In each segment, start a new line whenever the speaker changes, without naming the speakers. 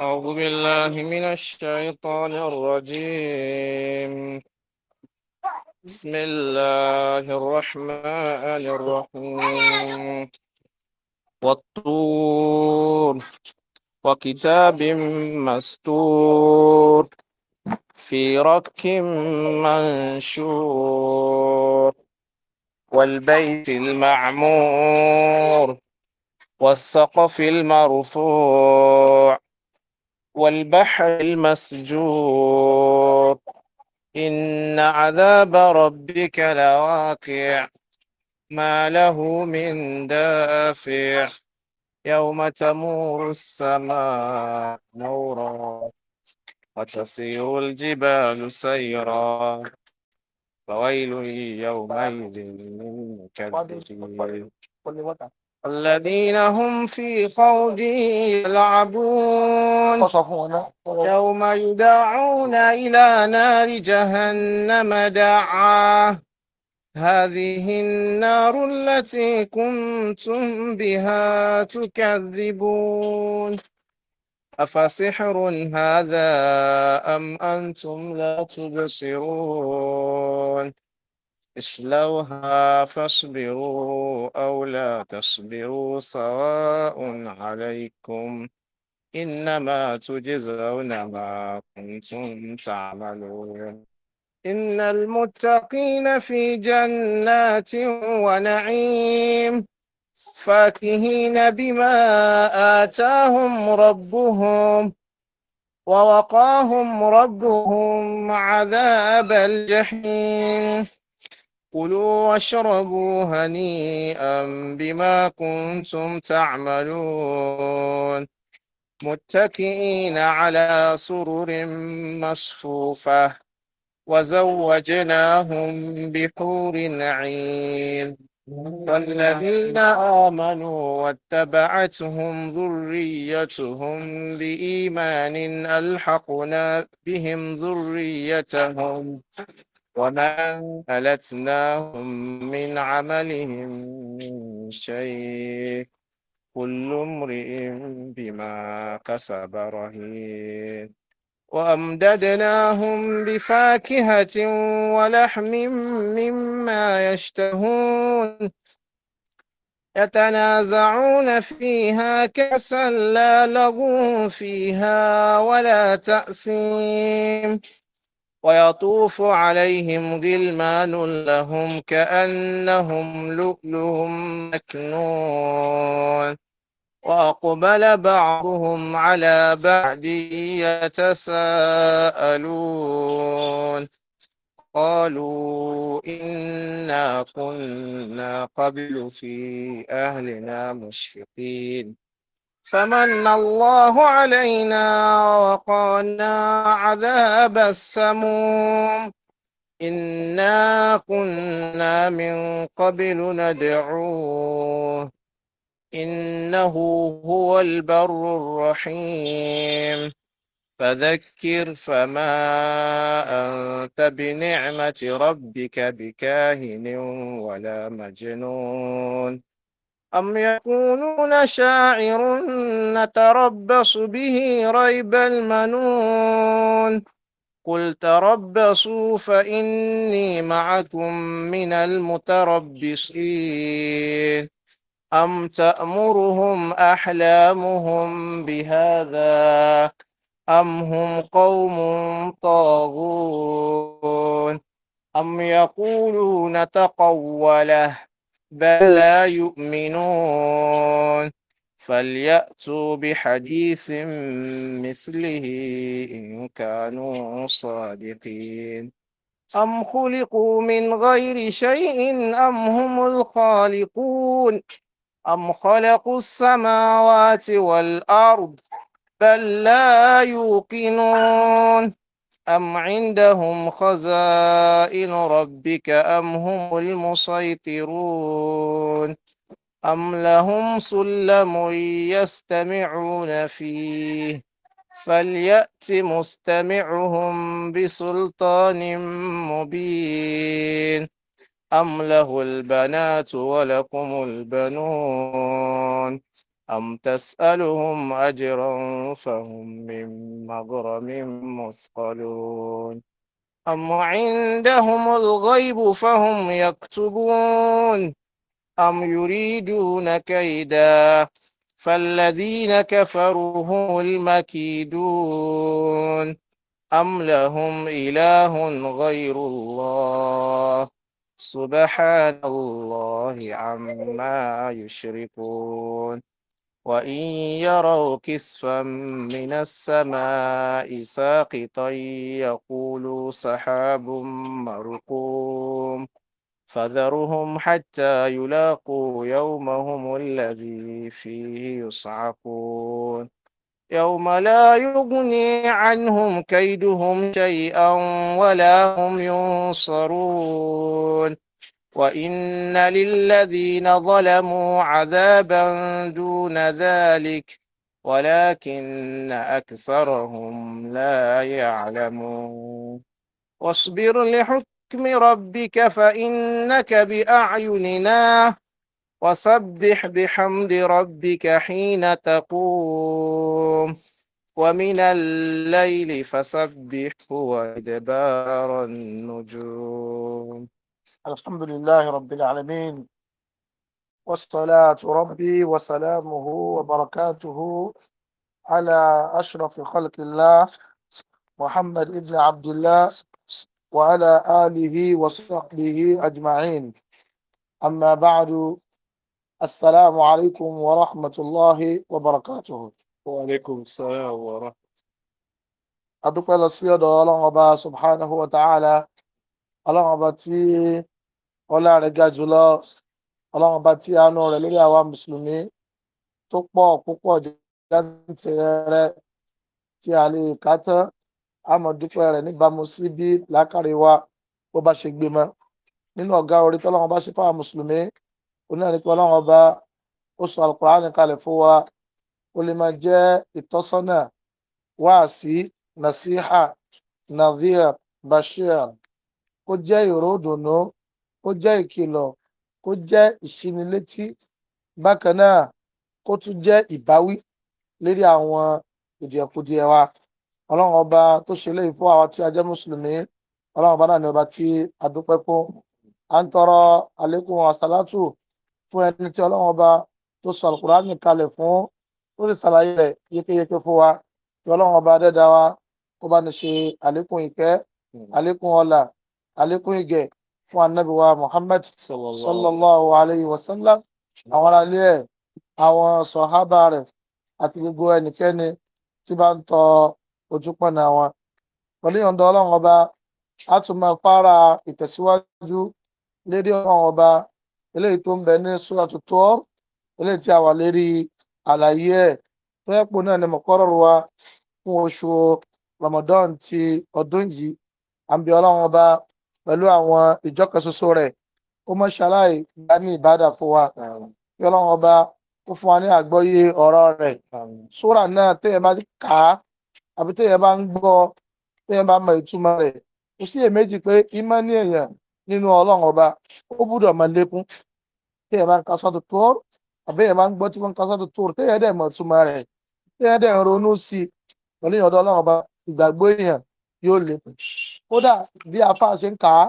أعوذ بالله من الشيطان الرجيم بسم الله الرحمن الرحيم والطور وكتاب مستور في رك منشور والبيت المعمور والسقف المرفوع والبحر المسجور إن عذاب ربك لواقع ما له من دافع يوم تمور السماء نورا وتسير الجبال سيرا فويل يومئذ للمكذبين الذين هم في خوض يلعبون يوم يدعون إلى نار جهنم دعا هذه النار التي كنتم بها تكذبون أفسحر هذا أم أنتم لا تبصرون اصلوها فاصبروا أو لا تصبروا سواء عليكم إنما تجزون ما كنتم تعملون إن المتقين في جنات ونعيم فاكهين بما آتاهم ربهم ووقاهم ربهم عذاب الجحيم كلوا واشربوا هنيئا بما كنتم تعملون متكئين على سرر مصفوفة وزوجناهم بحور عين والذين آمنوا واتبعتهم ذريتهم بإيمان ألحقنا بهم ذريتهم وما ألتناهم من عملهم من شيء كل امرئ بما كسب رهين وأمددناهم بفاكهة ولحم مما يشتهون يتنازعون فيها كأسا لا لغو فيها ولا تأثيم ويطوف عليهم غلمان لهم كأنهم لؤلؤ مكنون وأقبل بعضهم على بعد يتساءلون قالوا إنا كنا قبل في أهلنا مشفقين فمن الله علينا وقانا عذاب السموم إنا كنا من قبل ندعوه إنه هو البر الرحيم فذكر فما أنت بنعمة ربك بكاهن ولا مجنون أم يقولون شاعر نتربص به ريب المنون قل تربصوا فإني معكم من المتربصين أم تأمرهم أحلامهم بهذا أم هم قوم طاغون أم يقولون تقوله بل لا يؤمنون فليأتوا بحديث مثله إن كانوا صادقين أم خلقوا من غير شيء أم هم الخالقون أم خلقوا السماوات والأرض بل لا يوقنون أم عندهم خزائن ربك أم هم المسيطرون أم لهم سلم يستمعون فيه فليأت مستمعهم بسلطان مبين أم له البنات ولكم البنون أم تسألهم أجرا فهم من مغرم مثقلون أم عندهم الغيب فهم يكتبون أم يريدون كيدا فالذين كفروا هم المكيدون أم لهم إله غير الله سبحان الله عما يشركون وإن يروا كسفا من السماء ساقطا يقولوا سحاب مرقوم فذرهم حتى يلاقوا يومهم الذي فيه يصعقون يوم لا يغني عنهم كيدهم شيئا ولا هم ينصرون وإن للذين ظلموا عذابا دون ذلك ولكن أكثرهم لا يعلمون واصبر لحكم ربك فإنك بأعيننا وسبح بحمد ربك حين تقوم ومن الليل فسبحه وإدبار النجوم الحمد
لله رب العالمين والصلاة ربي وسلامه وبركاته على أشرف خلق الله محمد ابن عبد الله وعلى آله وصحبه أجمعين أما بعد السلام عليكم ورحمة الله وبركاته
وعليكم السلام ورحمة
الله أدوك الله سبحانه وتعالى ọlọ́run ọba tí ọlá rẹ̀ ga jùlọ ọlọ́run ọba tí àánú rẹ̀ lórí àwa mùsùlùmí tó pọ̀ púpọ̀ jáde rẹ̀ tí a lè kà tán àmọ̀dúpẹ́ rẹ̀ níbàámu sí bí làákàrẹ̀ wa bó bá ṣe gbé mọ́ nínú ọ̀gá orí tọ́lọ́run ọba ṣe fáwọn mùsùlùmí onírin pé ọlọ́run ọba ó sọ alukur'an kalẹ̀ fún wa ó lè máa jẹ́ ìtọ́sọ́nà wáàsí nasiha nadhir bashir kó jẹ́ ìró ìdùnnú kó jẹ́ ìkìlọ̀ kó jẹ́ ìṣinilétí bákan náà kó tún jẹ́ ìbáwí lérí àwọn kùdìẹ̀kudiẹ wa ọlọ́run ọba tó ṣe léyìí fún àwa tí a jẹ́ mùsùlùmí ọlọ́run ọba náà ni ọba tí a dúpẹ́ fún à ń tọrọ àlékún àsálátù fún ẹni tí ọlọ́run ọba tó sọ alukurani kalẹ̀ fún ó lè ṣàlàyé rẹ̀ yékéyéké fún wa kí ọlọ́run ọba dẹ́dá kó bá ní ṣe àlékún ìkẹ́ hmm. àlékún ọlà àlékún ìgẹ̀ fún anábì wa Muhammad sallallahu alayhi wa sallam àwọn alẹ́ ẹ̀ àwọn sọ̀hábà rẹ̀ àti gbogbo ẹnikẹ́ni tí bá ń tọ ojúpọ̀nà wọn pẹ̀lú ìyọ̀ǹda ọlọ́run ọba a tún máa fara ìtẹ̀síwájú lérí ọlọ́run ọba eléyìí tó ń bẹ ní Suratu Tur eléyìí tí a wà lérí àlàyé ẹ̀ tó yẹ pò náà ni mọ̀kọ́rọ̀ wa fún oṣù Ramadan ti ọdún yìí àǹbí ọlọ́run ọba pẹ̀lú àwọn ìjọkan ṣoṣo rẹ̀ ó mọ̀ ṣaláì gbá ní ìbádà fún wa kí ọlọ́run ọba ó fún wa ní àgbọ́yé ọ̀rọ̀ rẹ̀ sóra náà téèyàn bá kà á àbí téèyàn bá ń gbọ́ téèyàn bá mọ ìtumọ̀ rẹ̀ kò sí èméjì pé ìmọ̀ ní èèyàn nínú ọlọ́run ọba ó gbúdọ̀ mọ lékún téèyàn bá ń ka sọ́dọ̀ tó àbí èèyàn bá ń gbọ́ tí wọ́n ń ka sọ́dọ̀ tó téèyàn dẹ̀ mọ̀ ìtumọ̀ rẹ̀ téèyàn dẹ̀ ń ronú sí pẹ̀lú ìyọ̀dọ̀ ọlọ́run ọba ìgbàgbọ́ èèyàn yóò lékún kódà bí afáà ṣe ń kà á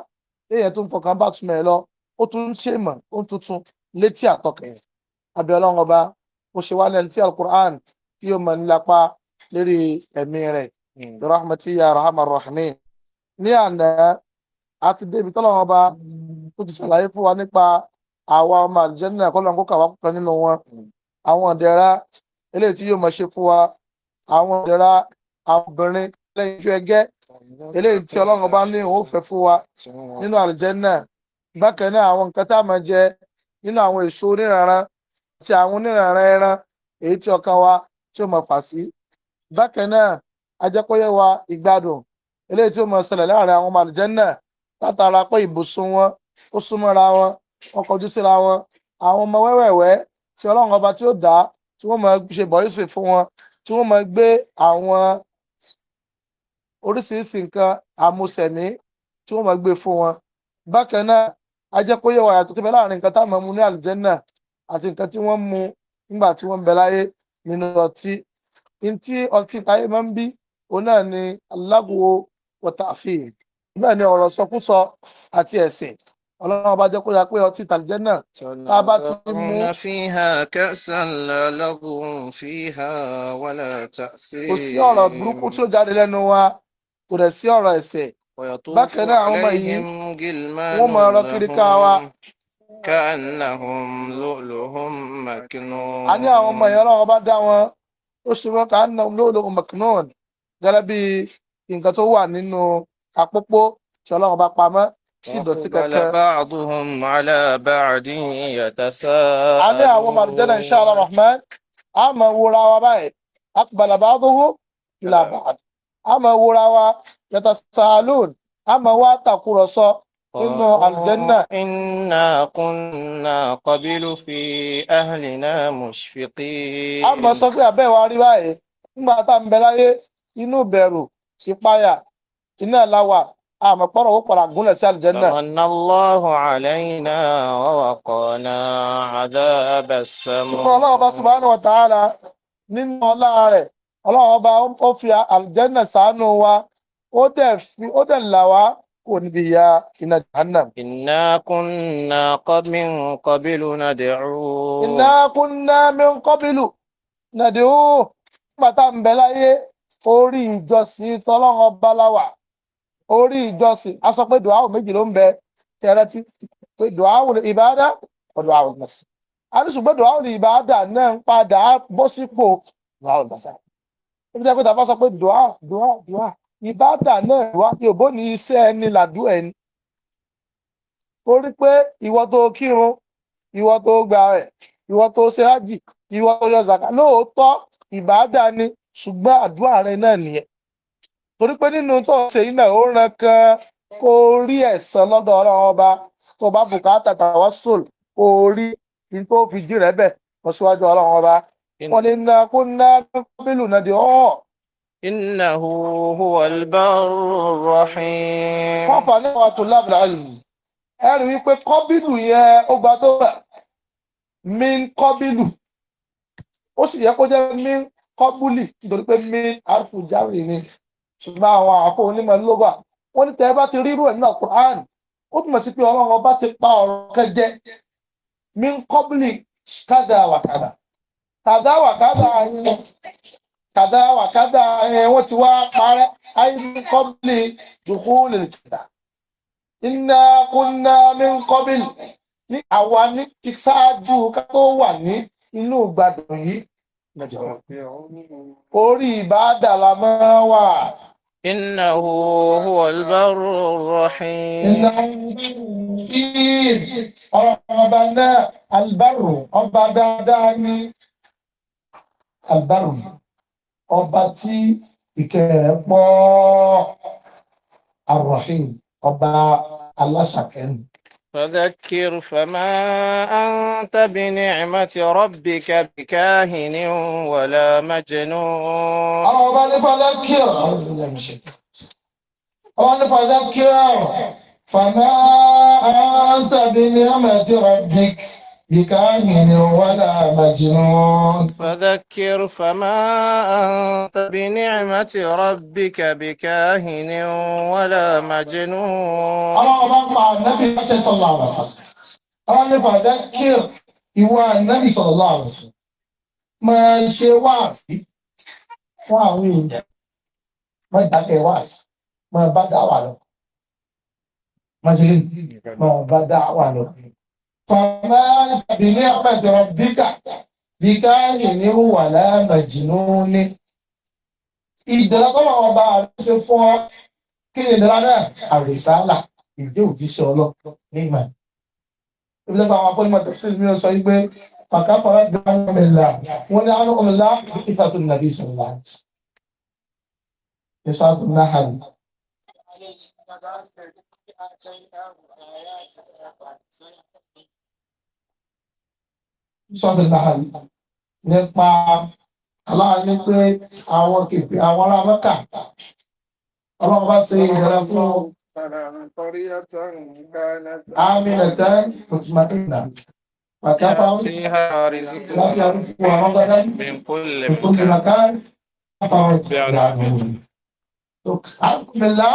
èèyàn tó ń fọkàn bá túmọ̀ ẹ lọ ó tún ń ṣe mọ̀ ó ń tuntun létí àtọkẹ̀yìn abẹ́ ọlọ́run ọba ó ṣe wá lẹ́nu tí alukur'an tí yóò mọ̀ nílapa lérí ẹ̀mí rẹ̀ rahmatí ya rahman rahimin ní àná àti débi tọ́lọ́run ọba ó ti ṣàlàyé fún wa nípa àwa ọmọ àlùjẹ́nà kọ́lọ́n kó kàwá kúkan nínú wọn àwọn ọ̀dẹ́ra eléyìí tí yóò mọ̀ ṣe fún wa àwọn ọ̀dẹ́ra àwọn obìnrin lẹ́yìn iṣu ẹgẹ́ eléyìí tí ọlọ́run bá ní òun fẹ́ fún wa nínú àlùjẹ́nà bákan náà àwọn nǹkan tá a máa jẹ nínú àwọn èso oníranran àti àwọn oníranran ẹran èyí tí ọkàn wa tí ó mọ̀ fà sí bákan náà ajẹ́kọ́yẹ wa ìgbádùn eléyìí tí ó mọ̀ ṣẹlẹ̀ láàrin àwọn ọmọ àlùjẹ́nà látara pé ibùsùn wọn ó súnmọ́ra wọn wọn kọjú síra wọn àwọn ọmọ wẹ́wẹ̀wẹ́ tí ọlọ́run ọba tí ó dá tí wọ́n máa ṣe bọ́yìísì fún wọn tí wọ́n máa gbé àwọn oríṣiríṣi nǹkan àmúṣẹ̀mí tí wọ́n máa gbé fún wọn bákan náà ajẹ́kóyè wà yàtọ̀ tó bẹ láàrin nǹkan táwọn mu ní àlùjẹ́nà àti nǹkan tí wọ́n mu nígbà tí wọ́n ń bẹ láyé nínú ọtí ntí ọtí táyé máa ń bí òun náà ni alágùwò wọ̀tàfíì bẹ́ẹ̀ ni ọ̀rọ̀ sọkúsọ àti ẹ̀sìn ọlọ́run ọba jẹ́ kó yà pé ọtí tàlíjẹ́ náà tá a bá ti mú.
kò sí ọ̀rọ̀ burúkú
tí ó jáde lẹ́nu wa ورسي على سي
بكنا عمي وما ركركاوا كأنهم لؤلهم مكنون أنا عمي يلا
عباد دعوة وشبه كأنهم لؤلهم مكنون جلبي إن كتوا نينو أكبو شلا عباد قاما وقبل
بعضهم على بعد يتساءلون أنا عمي مردنا إن شاء الله الرحمن
أما a máa wúra wa yàtọ̀ sàálùn a máa wá tàkùrọ̀sọ nínú oh. àlùjẹ́nà.
inna kunna qabilu fi ahlina mushfiqin. a máa sọ pé
abẹ́ wa rí báyìí nígbà tá à ń bẹ láyé inú bẹ̀rù ìpayà iná làwà àmọ́ pọ́nrọ̀ ó pọ̀rọ̀ àgúnlẹ̀ sí àlùjẹ́nà.
Allahu alayna wa waqana adhaba as-samum.
Subhanahu wa ta'ala nínú ọlá rẹ̀ ọlọ́run ọba ó fi àlùjẹ́nà sàánú wa ó dẹ̀ fi ó dẹ̀ là wá kò níbi ya iná
jahannam. iná kúnná kọ́bí kọ́bílù nàdẹ̀rú. iná
kúnná mi kọ́bílù nàdẹ̀rú. nígbà tá à ń bẹ láyé orí ìjọsìn tọ́lọ́run ọba láwà orí ìjọsìn a sọ pé dùhàwù méjì ló ń bẹ tẹrẹtí pé dùhàwù ìbáadá ọdùhàwù mọ̀sí. a ní ṣùgbọ́n dùhàwù ìbáadá náà ń padà bó sípò dùhàwù mọ̀sí níbi tí a pé tàbá sọ pé dùá dùá dùá ìbádà náà dùá yòbó ní iṣẹ́ ẹni làdú ẹni torí pé ìwọ tó kírun ìwọ tó gba rẹ ìwọ tó ṣe hájì ìwọ tó yọ zàkà lóòótọ́ ìbádà ni ṣùgbọ́n àdúrà rẹ náà nìyẹn torí pé nínú tó ṣe iná ó ran kan kó rí ẹ̀san lọ́dọ̀ Ọlọ́run ọba tó bá bùkátà tàwa sòl kó rí ní tó fi jí rẹ bẹ lọ síwájú Ọlọ́run ọba قل إنا كنا من قبل ندعوه إنه هو البر الرحيم wọ́n fà nípa طلاب العلم ẹ̀rí wípé kọ́bílù yẹn ó gba tó bẹ̀ min kọ́bílù ó sì yẹ kó jẹ́ min kọ́búlì nítorí pé min arfu járì ni ṣùgbọ́n àwọn àfọ onímọ̀ lóbà wọ́n ní tẹ́ bá ti rírú ẹ̀ nínú Quran ó túmọ̀ sí pé ọlọ́run ọba ti pa ọ̀rọ̀ kẹjẹ min kọ́búlì kádà wàkàdà kàdá wà kàdá yẹn kàdá wà kàdá yẹn wọ́n ti wá parẹ́ àìsàn kọ́bìlì dùkú lè tìdá iná kúnná mi ń kọ́bìlì ní àwa ní ti ṣáájú ká tó wà ní inú gbàdùn yìí orí ìbáàdà la máa
wà. إنه هو البر الرحيم
إنه البر البر أبدا داني agbárò ọba tí ìkẹrẹ pọ̀ arọhìn ọba
aláṣàkẹni. فذكر فما أنت بنعمة ربك بكاهن ولا مجنون أو بل فذكر
قل فذكر فما
أنت بنعمة ربك بكاهن ولا مجنون فذكر فما أنت بنعمة ربك بكاهن ولا مجنون الله أكبر النبي صلى الله عليه
وسلم قال فذكر هو النبي صلى الله عليه وسلم ما ṣe wáàsí fún ما èèyàn má dákẹ́ wáàsí má ما dá wà lọ má فما بنعمة ربك بكاهن ولا مجنون ìdẹ̀ra tọ́lọ̀ ọba àrùsẹ̀ fún ọ kí ni ìdẹ̀ra náà àrìsálà ìdí òjíṣẹ́ ọlọ́pọ̀ nígbà ìbílẹ̀ fún àwọn akọ́nìmọ̀ tó sì mí sọ wípé kàkà fara bí wọ́n ń bẹ̀rẹ̀ láà wọ́n ní àwọn ọmọ láà bí kí fàtó nàbí sọ̀rọ̀ láà ní sọ́tò náà hàn sọ́dọ̀ láàyè nípa aláàánú pé àwọn kèfì àwọn ará mọ́kà ọlọ́run bá ṣe ìdára fún ọ.
Amina tẹ́
Mùtùmáìnà. Pàtàkì láti àrísìkò àwọn gbọ́dá ìkókè làkà àfàwọn ìgbà àmì. Àkùnmílá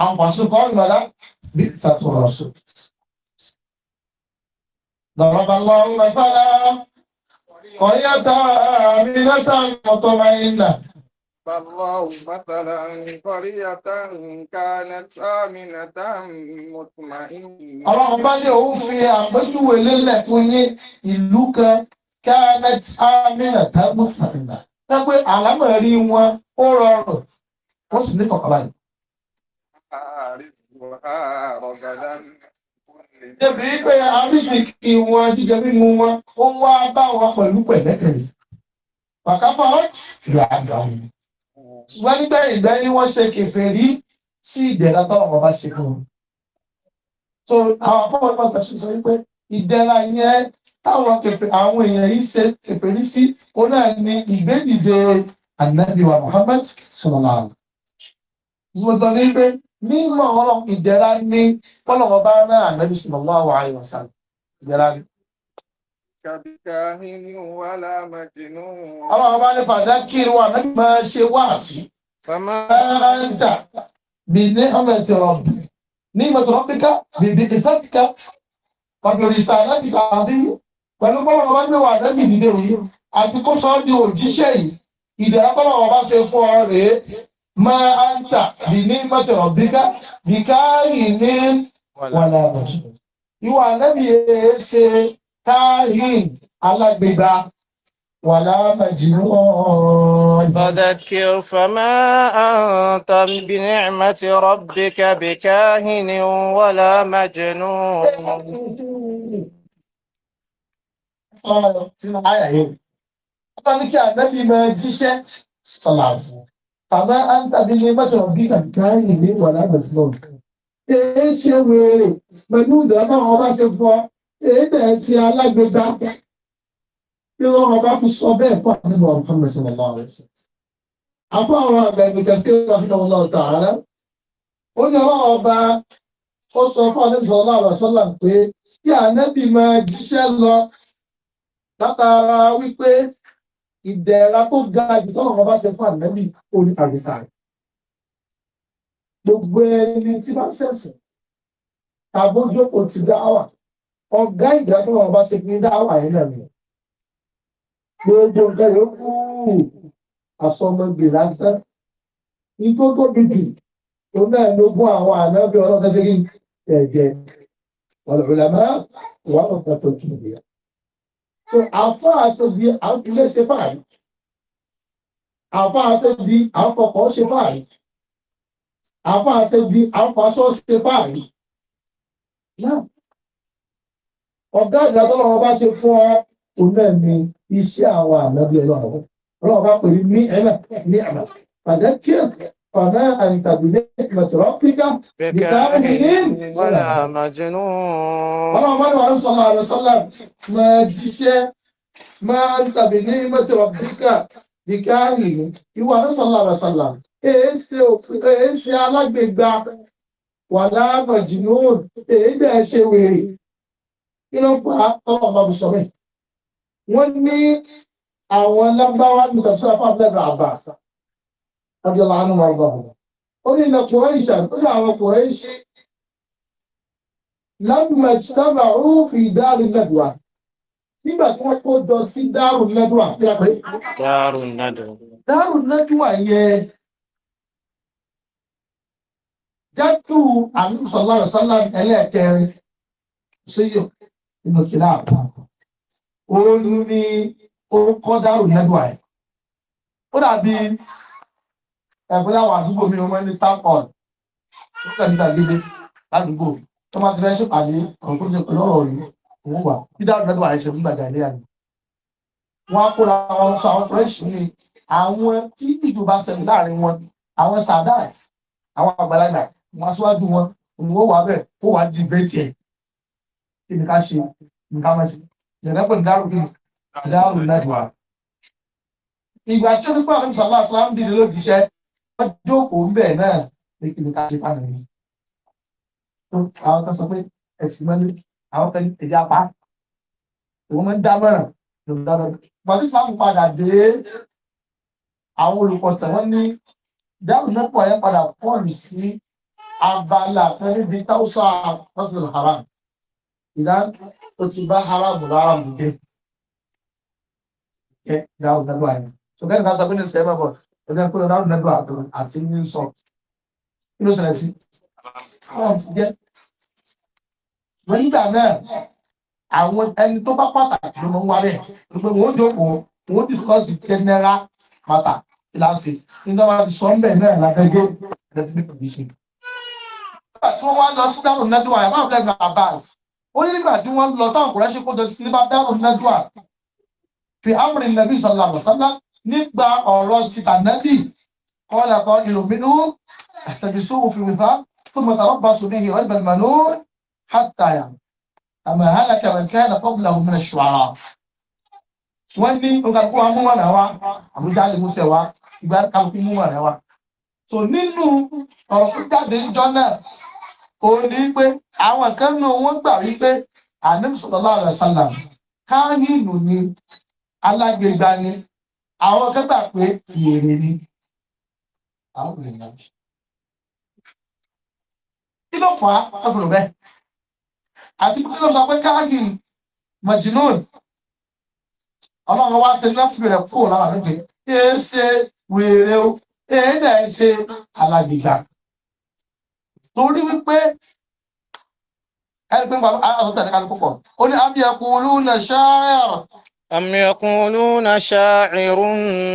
àwọn fàṣùkọ́ ìgbàlá bí ìtàkùrọ̀sù. ضرب الله مثلا
قرية آمنة
مطمئنة
الله مثلا قرية كانت آمنة مطمئنة ọlọ́run bá lè òun fi àpéjúwe
lélẹ̀ fún yín ìlú kan كانت آمنة مطمئنة dápé àlámọ̀rí wọn ó rọrùn wọ́n sì ní kọ̀kọ̀lá yìí.
ààrẹ ìwà àrọ̀gàdá
Ebi pé àrísìkì wọn jíjẹ mímu wọn, ó wá bá wa pẹ̀lú pẹ̀lẹ́pẹ̀lẹ́. Bàkápá ọ̀tí ìlú àgbà wọn. Ṣùgbọ́n nígbà ìgbà ni wọ́n ṣe kèfèrí sí ìdẹ̀ra táwọn ọba ṣe fún wọn. So àwọn akọ́wọ́ náà gbà ṣe sọ wípé ìdẹ̀ra yẹn táwọn àwọn èèyàn yìí ṣe kèfèrí sí, òun náà ni ìgbédìde ànábìwà Muhammad sallallahu alaihi wasallam. Mo tọ́ ní pé mímọ̀ ọlọ́run ìdẹ̀ra ní ọlọ́run bá rán ànábì sallallahu alaihi wasallam ìdẹ̀ra ní. ọlọ́run bá ní fàdákìrì wà náà máa ṣe wá sí. máa ń dà bí ní ọmọ ẹ̀tì rọ̀bì ní ìmọ̀tò rọ̀bìkà bèbè ìsátìkà pàbẹ̀rẹ̀ ìsà láti kà á bí pẹ̀lú bọ́lọ́run bá ní wà nábì nílé òye àti kó sọ ọ́ di òjíṣẹ́ yìí ìdẹ̀ra bọ́lọ́run bá ṣe fún ọ rèé máa ń tà bí ní mọ́tẹ̀rọ̀ bíká bíkáàrí ní wàlá àbọ̀ṣọ́. Ìwà ànábì yẹn ṣe káàrin alágbègbà wàlá màjìrún.
Fọ́dákì fama àǹtà bí ní mọ́tẹ̀ rọ́bíkà bíkáàrí ní wàlá màjìrún.
Ọ̀rọ̀ sínú ayà yìí. Ọba ní kí ànábì máa jíṣẹ́ sọ̀lá àmọ́ àǹtàbí ní mọ́tò bí kàkà ìlú wà lábẹ̀rẹ̀ fún ọ. èé ṣe wèrè pẹ̀lú ìdáná àwọn ọba ṣe fọ èé bẹ̀rẹ̀ sí alágbèbá bí wọn ọba fi sọ bẹ́ẹ̀ fún àdébò Muhammad sallallahu alaihi wasallam. afọ àwọn àgbà ẹ̀mí kẹ̀kẹ́ rahimahullah ta'ala ó ní ọwọ́ ọba ó sọ fún àdébò sallallahu alaihi wasallam pé kí ànábì máa jíṣẹ́ lọ látara wípé ìdẹ̀ra tó ga jù tọ́nà wọn bá ṣe fún ànábì orí àrísà rẹ̀. Gbogbo ẹni tí bá ṣẹ̀sìn, àbójókòó ti dáwà, ọ̀gá ìjà tọ́nà wọn bá ṣe fi dáwà yẹn náà ni. Gbogbo nǹkan yóò kú àsọmọgbè lásán. Ní tó tóbi jù, òun náà ló gún àwọn ànábì ọlọ́dẹ́sẹ́gì ẹ̀jẹ̀. Wàlúùlámà wà lọ́kàn tó kìí So àfáà ṣe di ilé ṣe fàárí. Àfáà ṣe di àfọkọ̀ ṣe fàárí. Àfáà ṣe di àfọṣọ ṣe fàárí. Náà ọ̀gá ìgbà tó lọ́wọ́ bá ṣe fún ọ òun náà ni iṣẹ́ àwọn ànábì ọlọ́run. Ọlọ́run bá pè ní ẹ̀mà ní àmà. Pàdé kíẹ̀kẹ́. فما أنت بنعمة ربك
بكامل ولا مجنون
ọlọ́run mọ́ni wàhálà sọ́lá àlọ́sọ́lá máa jíṣẹ́ máa ń tàbí ní mẹ́tìrọ̀bíkà bíkáàlì ìwà àlọ́sọ́lá àlọ́sọ́lá èéṣe alágbègbà wà láàmọ̀jìnú èédè ṣe wèrè kí ló fà á tọ́lọ̀ bá bu sọ bẹ́ẹ̀ wọ́n ní àwọn lágbáwá nígbà tó ṣe fáwọn lẹ́gbàá àbá àṣà àbíọ́lá àánú wà lọ́wọ́ ó ní ilẹ̀ kùrẹ́ṣà ó ní àwọn kùrẹ́ṣì lábùmọ̀ ìtàbà ó fi dáàrú lẹ́dùá nígbà tí wọ́n kó jọ sí dáàrú lẹ́dùá pé a pé dáàrú lẹ́dùá yẹ jẹ́tù àlùsọ̀lọ́rọ̀ sọ́lá ẹlẹ́ẹ̀kẹrin sí inú kìlá àpá òun ni ó kọ́ dáàrú lẹ́dùá yẹ ó dàbí ẹ̀bùn àwọn àdúgbò mi wọ́n ní tápọ̀n tó tẹ̀lé ìdàgídé ládùúgbò tó máa ti rẹ́ ṣèpàdé ọ̀gbọ́n ti pẹ̀lú ọ̀rọ̀ yìí òun wà dídá ọ̀dọ́dọ̀ àìṣe fún gbàgbà ilé àná. wọ́n á kóra wọn sọ àwọn fúrẹ́ṣì ni àwọn tí ìjọba sẹ̀rù láàrin wọn àwọn sadat àwọn àgbàlagbà wọn aṣáájú wọn òun ó wà bẹ́ẹ̀ ó wà di bẹ́ẹ̀ tiẹ̀ kí ni ká ṣe nǹkan máa ṣe ìrẹ́pẹ̀ ìdáròkè ìdáròkè ìgbà tí ó ní pé jókòó ń bẹ̀ náà pé kí ni ká ṣe pàdé yìí. àwọn kan sọ pé ẹ̀sìn mọ́lẹ́ àwọn kan èdè apá òun máa ń dámọ̀ràn lòun dámọ̀ràn. pàtó sáà padà dé àwọn olùkọ́ tẹ̀wọ́n ní dáhùn lọ́pọ̀ yẹn padà pọ́ọ̀lù sí abala fẹ́ níbi táwùsọ àfọ́sọ̀ haram ìdá tó ti bá haram lára mú dé. ẹ dáhùn lọ́pọ̀ yẹn. sọ̀kẹ́ nǹkan sọ pé ní sẹ́yìn bọ̀ ẹgbẹ́ pé round number àtọ̀ àti ní sọ kí ló ṣẹlẹ̀ sí. wọ́n nígbà náà àwọn ẹni tó bá pàtàkì ló máa ń wá bẹ́ẹ̀ pé wọ́n jókòó wọ́n discuss general matter láti nígbà wọn ti sọ mbẹ náà lábẹ́gbẹ́ ẹ̀dẹ́gbẹ́ condition. nígbà tí wọ́n wá lọ sí dárò nẹ́dùwà ẹ̀ máa fẹ́ gba abaz ó ní nígbà tí wọ́n lọ táwọn kò rẹ́ṣẹ́ kó jọ sí fi amúrin nàbí sallallahu alaihi wasallam nígbà ọ̀rọ̀ ti tànábì kọ́lẹ̀kọ́ ìlòmínú ẹ̀tẹ̀bìsú òfin wípá tó mọ̀ tàbí bá sùn ní ìhọ́ ìbẹ̀lẹ̀mọ̀lú hátàyà àmà hálàkà rẹ̀kẹ́ lẹ́kọ́bùlà òmìnira ṣùwàrà wọ́n ní ọkàkú amúmọ̀nà wa àbújá lè mú tẹ̀wá ìgbà kàkú múmọ̀nà wa so nínú ọ̀rọ̀ tó jáde ìjọ náà ò ní pé àwọn kan nù wọ́n gbà wípé ànímsọ̀tọ̀ láàrẹ̀ sálàm káyínù ni alágbègbà ni àwọn kan gbà pé èrè ni àwọn obìnrin náà kí ló fà á ọgbọ̀n bẹ́ẹ̀ àti pé ló sọ pé káàkiri majinun ọlọ́run wá ṣe lọ́fù rẹ̀ kúrò lára lóde ẹ ṣe wèrè o ẹ náà ṣe alágbègbà torí wípé ẹni pé ń gbà àwọn àtọ̀tẹ̀ ní kálukú pọ̀
ó ní abiyakulu na ṣááyà أم يقولون شاعر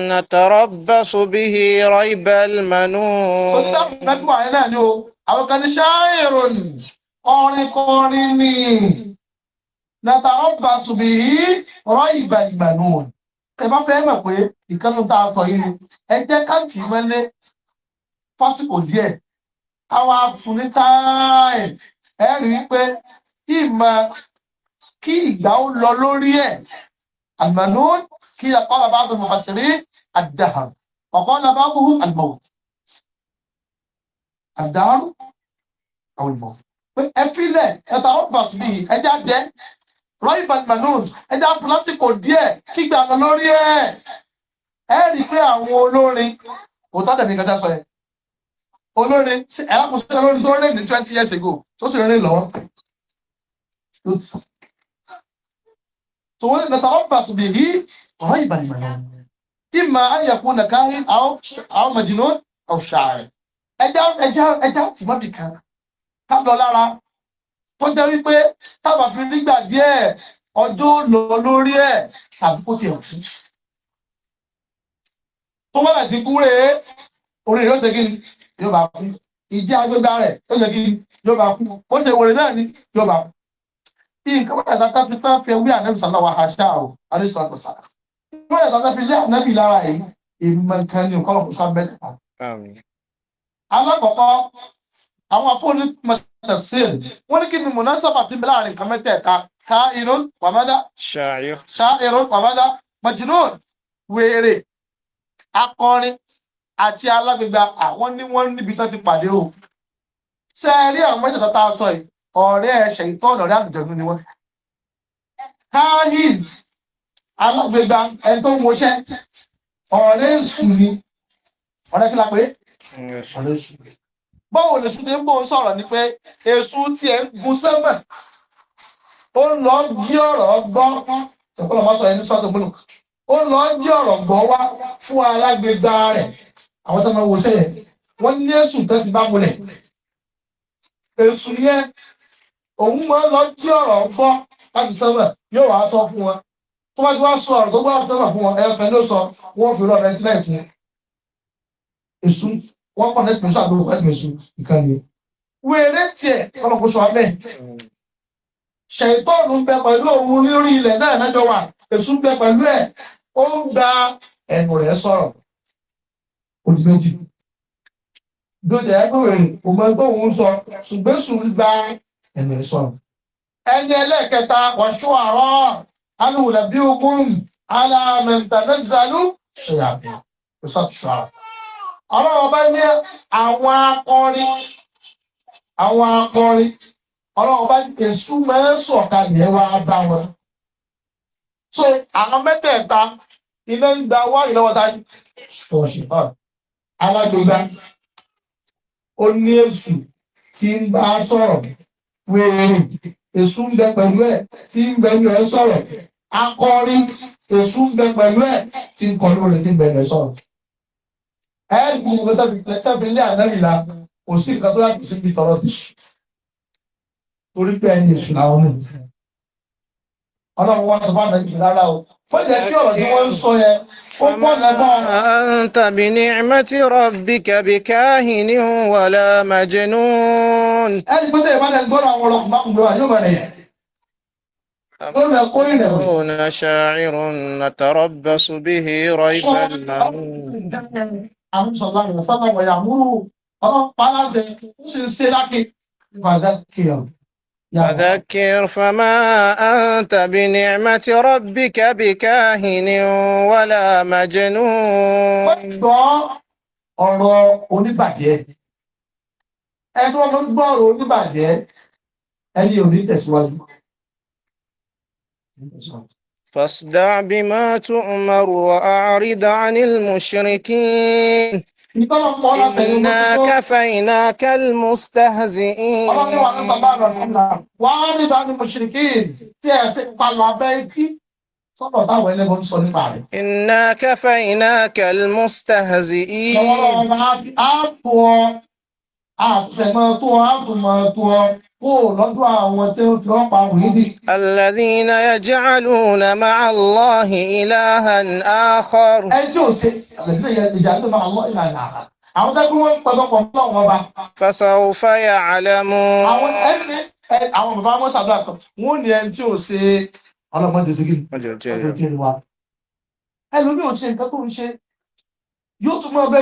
نتربص به ريب المنون àwọn kan ní ṣáàrùn ọrin kọrin
ni nàtàrọ́bà ṣùgbì yìí rọ ìgbà ìgbà náà ẹ bá fẹ́ mọ̀ pé ìkànnì tá a sọ yìí ẹ jẹ́ káàtì mẹ́lẹ́ fásitì díẹ̀ àwọn afúnni táàì ẹ rí i pé ìmọ̀ kí ìgbà ó lọ lórí ẹ̀ المنون كذا قال بعض المفسرين الدهر وقال بعضهم الموت الدهر أو الموت ẹfilẹ ẹta ọfàs bíi ẹja dẹ rọìbàn manun ẹja fúlásìkò díẹ̀ kígbà lọ lórí ẹ ẹ rí i pé àwọn olórin òótọ́ dẹ̀bí nǹkan já sọ yẹn olórin ẹ̀rọ kò sí olórin tó rìn ní twenty years ago tó sì rìn lọ نتربص به ريب المنون إما أن يكون كاهن أو أو مجنون أو شاعر ẹja ẹja ẹja tì mọ́ bìkan ká lọ lára tó jẹ́ wípé tábà fi nígbà díẹ̀ ọjọ́ lọ lórí ẹ̀ tàbí kó tiẹ̀ fún. tó bá bàtí kú rèé orí rẹ̀ ó ṣe kí ni yóò bá kú ìdí agbégbá rẹ̀ ó ṣe kí ni yóò bá kú ó ṣe wèrè náà ni yóò bá kú nǹkan wọ́n yàtọ̀ táfi sáfẹ́ wí ànábì sàlọ́wọ́ àṣà o àdéṣọ́tò sà wọ́n yàtọ̀ táfi lé ànábì lára yìí ìmọ̀ nǹkan ní nǹkan ọ̀hún sábẹ́lẹ̀ kan. alákọ̀ọ́kọ́ àwọn afọ́ni tafsir wọ́n ní kí ni munasaba ti bẹ̀rẹ̀ àrùn nǹkan mẹ́tẹ̀ẹ̀ta ká irun wàmádà
ṣá
irun wàmádà majnun wèrè akọrin àti alágbègbè àwọn ah, ní wọ́n níbi tán ti pàdé o ṣe é rí àwọn mẹ́tẹ̀ẹ̀ta tá a sọ yìí ọ̀rẹ́ ẹ̀ṣẹ̀ ìtọ́nà ọ̀rẹ́ àjọ̀nú ni wọ́n. káyìn alágbègbà ẹni tó ń wọṣẹ́ ọ̀rẹ́ èṣù ni ọ̀rẹ́ kí la pé ọ̀rẹ́ èṣù. báwo lè sùn ní bò ń sọ̀rọ̀ ni pé èṣù tiẹ̀ ń gun sẹ́mẹ̀ ó ń lọ jí ọ̀rọ̀ gbọ́ ìpínlẹ̀ máa sọ ẹni sọ́tò múlò ó ń lọ jí ọ̀rọ̀ gbọ́ wá fún alágbègbà rẹ̀ àwọn tó máa wọṣẹ́ yẹn wọ́n ní èṣù tó ti bá múlẹ̀ èṣù yẹn òun máa ń lọ jí ọ̀rọ̀ ń bọ́ láti sẹ́mẹ̀ yóò wá sọ fún wọn tó bá ti wá sọ ọ̀rọ̀ tó gbọ́ láti sẹ́mẹ̀ fún wọn ẹ̀yọ́ kan ló sọ wọ́n fi rọ̀ nineteen nineteen èṣù wọ́n kọ́ nẹ́sìn mọ́ṣọ́ àbúrò kẹ́sìn èṣù nǹkan ni. wèrè tiẹ̀ ọlọ́kùn sọ abẹ́ ṣètọ́ọ̀nù ń bẹ pẹ̀lú òun lórí ilẹ̀ náà nájọ wà èṣù ń bẹ pẹ̀lú ẹ̀ ó ń gba ẹnu rẹ̀ sọ̀rọ̀ òdì méjì. dòdè ẹgbẹ́ wèrè kò mọ ẹgbẹ́ òun sọ ṣùgbẹ́sùn gba ẹni sọ̀rọ̀. ẹni ẹlẹ́ẹ̀kẹta wàṣọ àrọ́ alùlẹ̀bí ogun alamẹ̀ntẹ̀lẹ́sàlú ṣèyàbí ìṣàtúnṣe àrọ́. ọlọ́run bá ní àwọn akọrin àwọn akọrin ọlọ́run bá èṣù mẹ́sàn-án kalẹ̀ wá bá wọn. so àwọn mẹ́tẹ̀ẹ̀ta iná ń gba wá ìlọ́wọ́ ta ní. alágbèbá ó ní èṣù tí ń bá sọ̀rọ̀ wèrè èṣù ń bẹ pẹ̀lú ẹ̀ tí ń bẹ ní ẹ sọ̀rọ̀ akọrin èṣù ń bẹ pẹ̀lú ẹ̀ tí ń kọlu rẹ̀ tí ń bẹ ní ẹ sọ̀rọ̀. ẹ gbùn kó sẹ́bi ilé ànábìlà kò sí nǹkan tó yàtọ̀ síbi tọrọ sí ṣù torí pé ẹni èṣù làwọn mú. ọlọ́run wá sọ fún ànábìlà rárá o
fọ́jà kí ọ̀rọ̀ tí wọ́n ń sọ yẹn أنت بنعمة ربك بكاهن ولا مجنون أم شاعر نتربص به ريب
المنون
نعم. فذكر فما أنت بنعمة ربك بكاهن ولا مجنون. فاصدع بما تؤمر وأعرض عن المشركين. إنا كفيناك المستهزئين إنا كفيناك المستهزئين àtẹ̀mọ́ tó àtùmọ̀ tó ọ kó àwọn tí ó fi ọ́ pa wọ́n dì. Alladhina yaj'aluna ma'a Allahi ilahan akhar. Ẹ tí ò ṣe, alladhina yaj'aluna ma'a Allahi ilahan akhar àwọn tẹ́kùn wọn pẹ̀lọpọ̀ lọ́wọ́ ọba. fasawfa ya'lamun. àwọn ẹni àwọn bàbá wọn ṣàdúrà kan wọn ò ní tí ò ṣe ọlọmọdé sí kí ni
ẹlòmíì ò ṣe nǹkan tó ń ṣe yóò tún mọ ọbẹ̀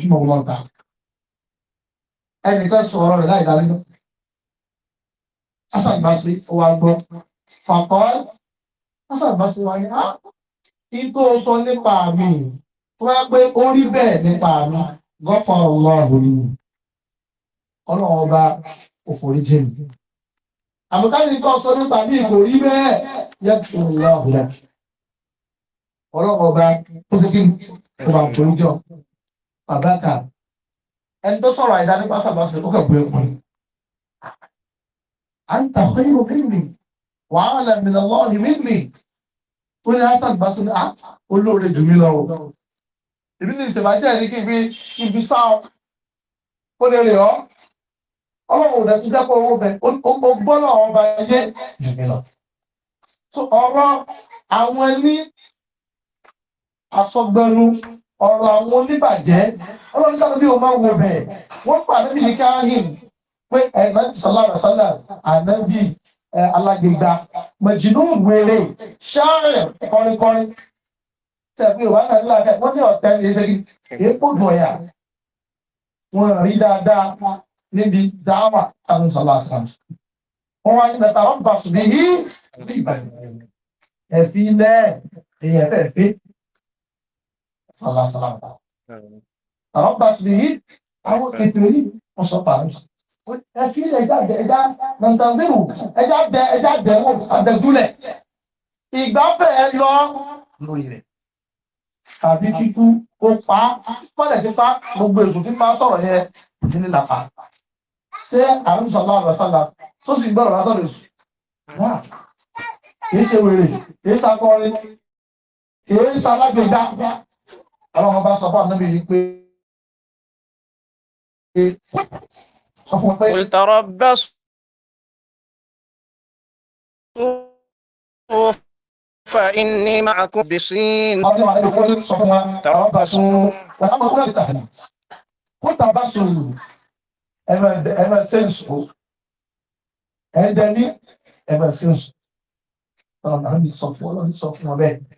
رحمه الله تعالى ẹnì kan sọ ọ̀rọ̀ rẹ̀ láì dá nínú Hasan Basri ó wá gbọ́ fàkọ́ Hasan Basri wáyé á ikú sọ nípa mi tó wá pé ó rí bẹ́ẹ̀ nípa mi gọ́fà ọlọ́run ni ọlọ́run ọba òfòrí jẹ́ mi àbùkálì kan sọ nípa mi kò rí bẹ́ẹ̀ yẹ kí ọlọ́run ọba ó sì kí ọba òfòrí jọ bàbáka ẹni tó sọ̀rọ̀ àìdá nípa sàbàṣẹ ó kàn gbé ẹkùn à ń ta ọkọ yìí mímì wàhálà mìíràn lọ́ọ̀hì mímì ó ní hasan basu ní àtà ah, olóore jù mí lọ o èmi ní ìṣèbàjẹ́ rí kí n fi kí n fi sá ọ ó lè rè ọ ọlọ́run ò dẹ̀ tún jẹ́ pé owó bẹ ó gbọ́dọ̀ ọba yé jù mí lọ. ọ̀rọ̀ àwọn ẹni asọgbẹnu ọ̀rọ̀ àwọn oníbàjẹ́ ọlọ́run káwọn bí o máa wo bẹ̀ wọ́n pa ànábì ní káhìn pé ẹ̀ẹ́dẹ́gbẹ̀sán sálàrà sálàrà ànábì alágbègbà mẹ̀jìnú wèrè ṣáàrẹ̀ kọrinkọrin tẹ̀pẹ́ ìwà náà nílá bẹ́ẹ̀ wọ́n ní ọ̀tẹ́ ní ṣe èèpo dùnyà wọn rí dáadáa níbi dáwà tàbí sọlá sàm wọn wá nílẹ̀ tàbí bàṣùbí yìí rí ìbàdàn ẹ̀fí lẹ́ẹ̀ èèyàn fẹ́ẹ́ fẹ́ sàlàsàlàmà àwọn bàtìrì yìí àwọn ètò yìí wọ́n sọ pàrọ̀ ẹ̀fí ẹja dẹ ẹja nàìjíríà ẹja dẹ ẹja dẹ wò àdẹ̀gúnlẹ̀ ìgbàfẹ́ ẹ lọ lórí rẹ̀ tàbí kíkú ó pa pọ́lẹ̀ sí pa gbogbo èsùn tí máa sọ̀rọ̀ yẹn ìdí nílà pa ṣé àrùnsọ̀lá àrùnsọ̀lá tó sì gbọ́rọ̀ látọ̀rọ̀ èsùn wà kìí ṣe wèrè kìí ṣakọrin kìí ṣalágbèdá ọlọ́run bá sọ fún ànábì yìí pé
sọ fún pé. olùtọ̀rọ̀ bẹ́ẹ̀ sùn fa inni ma'akum bisin. ọdún wa
nínú kọ́lé sọ fún wa tọ̀rọ̀ bá sùn wọn á máa kúrò níta ní. kúta bá sọ fún ọlọ́run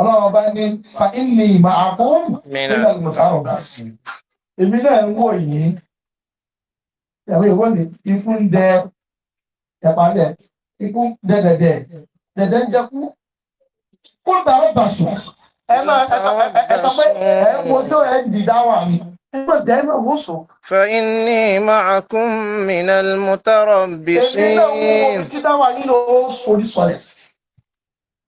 ọlọ́run bá ní fa inni ma'akum nínú ìmọ̀tàrọ̀ bá sí èmi náà ń wò yìí ẹ̀wọ́ ìwọ́ ni ikú ń dẹ ẹ̀pàlẹ̀ ikú dẹ̀dẹ̀dẹ̀ dẹ̀dẹ̀ ń dẹ́kú kó ń darọ́ ẹ máa ẹ sọ pé ẹ wo
tí ó ẹ dìdá wà mí. فإني معكم من المتربصين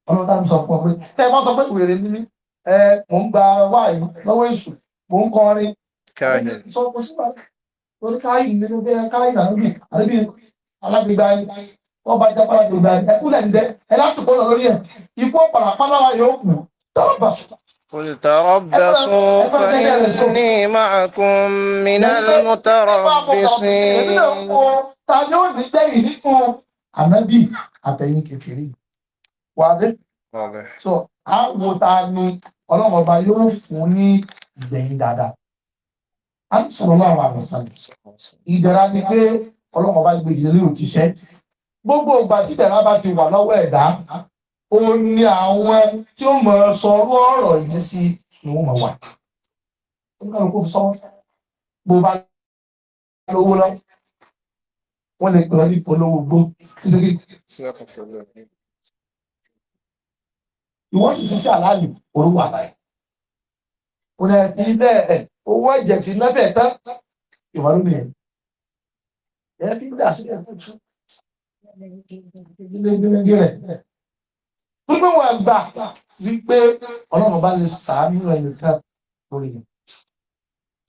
ọlọ́run tá à sọ fún ọ pé
tẹ́ ẹ bá sọ pé wèrè
mímí ẹ mò ń gba wáì lọ́wọ́ èṣù mò ń kọrin sọ pé síbà lórí káyìn nínú bẹ́ẹ̀ káyìn àdúgbì àdúgbì alágbègbè ayé wọ́n bá jápá alágbègbè ayé ẹ kúlẹ̀ ǹdẹ́ ẹ lásìkò lọ ẹ ikú ọ̀pàlà páláwa yóò kù
tọ́rọ̀ bà sùn. فإني معكم من المتربصين.
ànábì àtẹ̀yìn kékeré yìí wàdé so àwọn ta ni ọlọ́run ọba yóò fún ní ìgbẹ̀yìn dáadáa a ń sọ̀rọ̀ lọ́wọ́ àwọn sàn ìdẹ̀ra ni pé ọlọ́run ọba gbé ìdílé òjíṣẹ́ gbogbo ìgbà tí ìdẹ̀ra bá ti wà lọ́wọ́ ẹ̀dá ó ní àwọn tí ó mọ̀ sọ̀rọ̀ ọ̀rọ̀ yìí sí ni wọ́n mọ̀ wà bó bá lówó lọ wọ́n lè pè ní polówó gbó ìwọ́n sì ṣiṣẹ́ àlàálì orúkọ àlàyé òun ẹ̀dín bẹ́ẹ̀ owó ẹ̀jẹ̀ tí iná bẹ́ẹ̀ tán ìwà ló ní ẹ̀ ẹ̀ fi ń dà sílẹ̀ fún ìṣú ilé gbẹ̀gbẹ̀ rẹ̀ gbogbo wọn gbà wípé ọlọ́run bá lè sàánú ẹ̀yìn kan lórí mi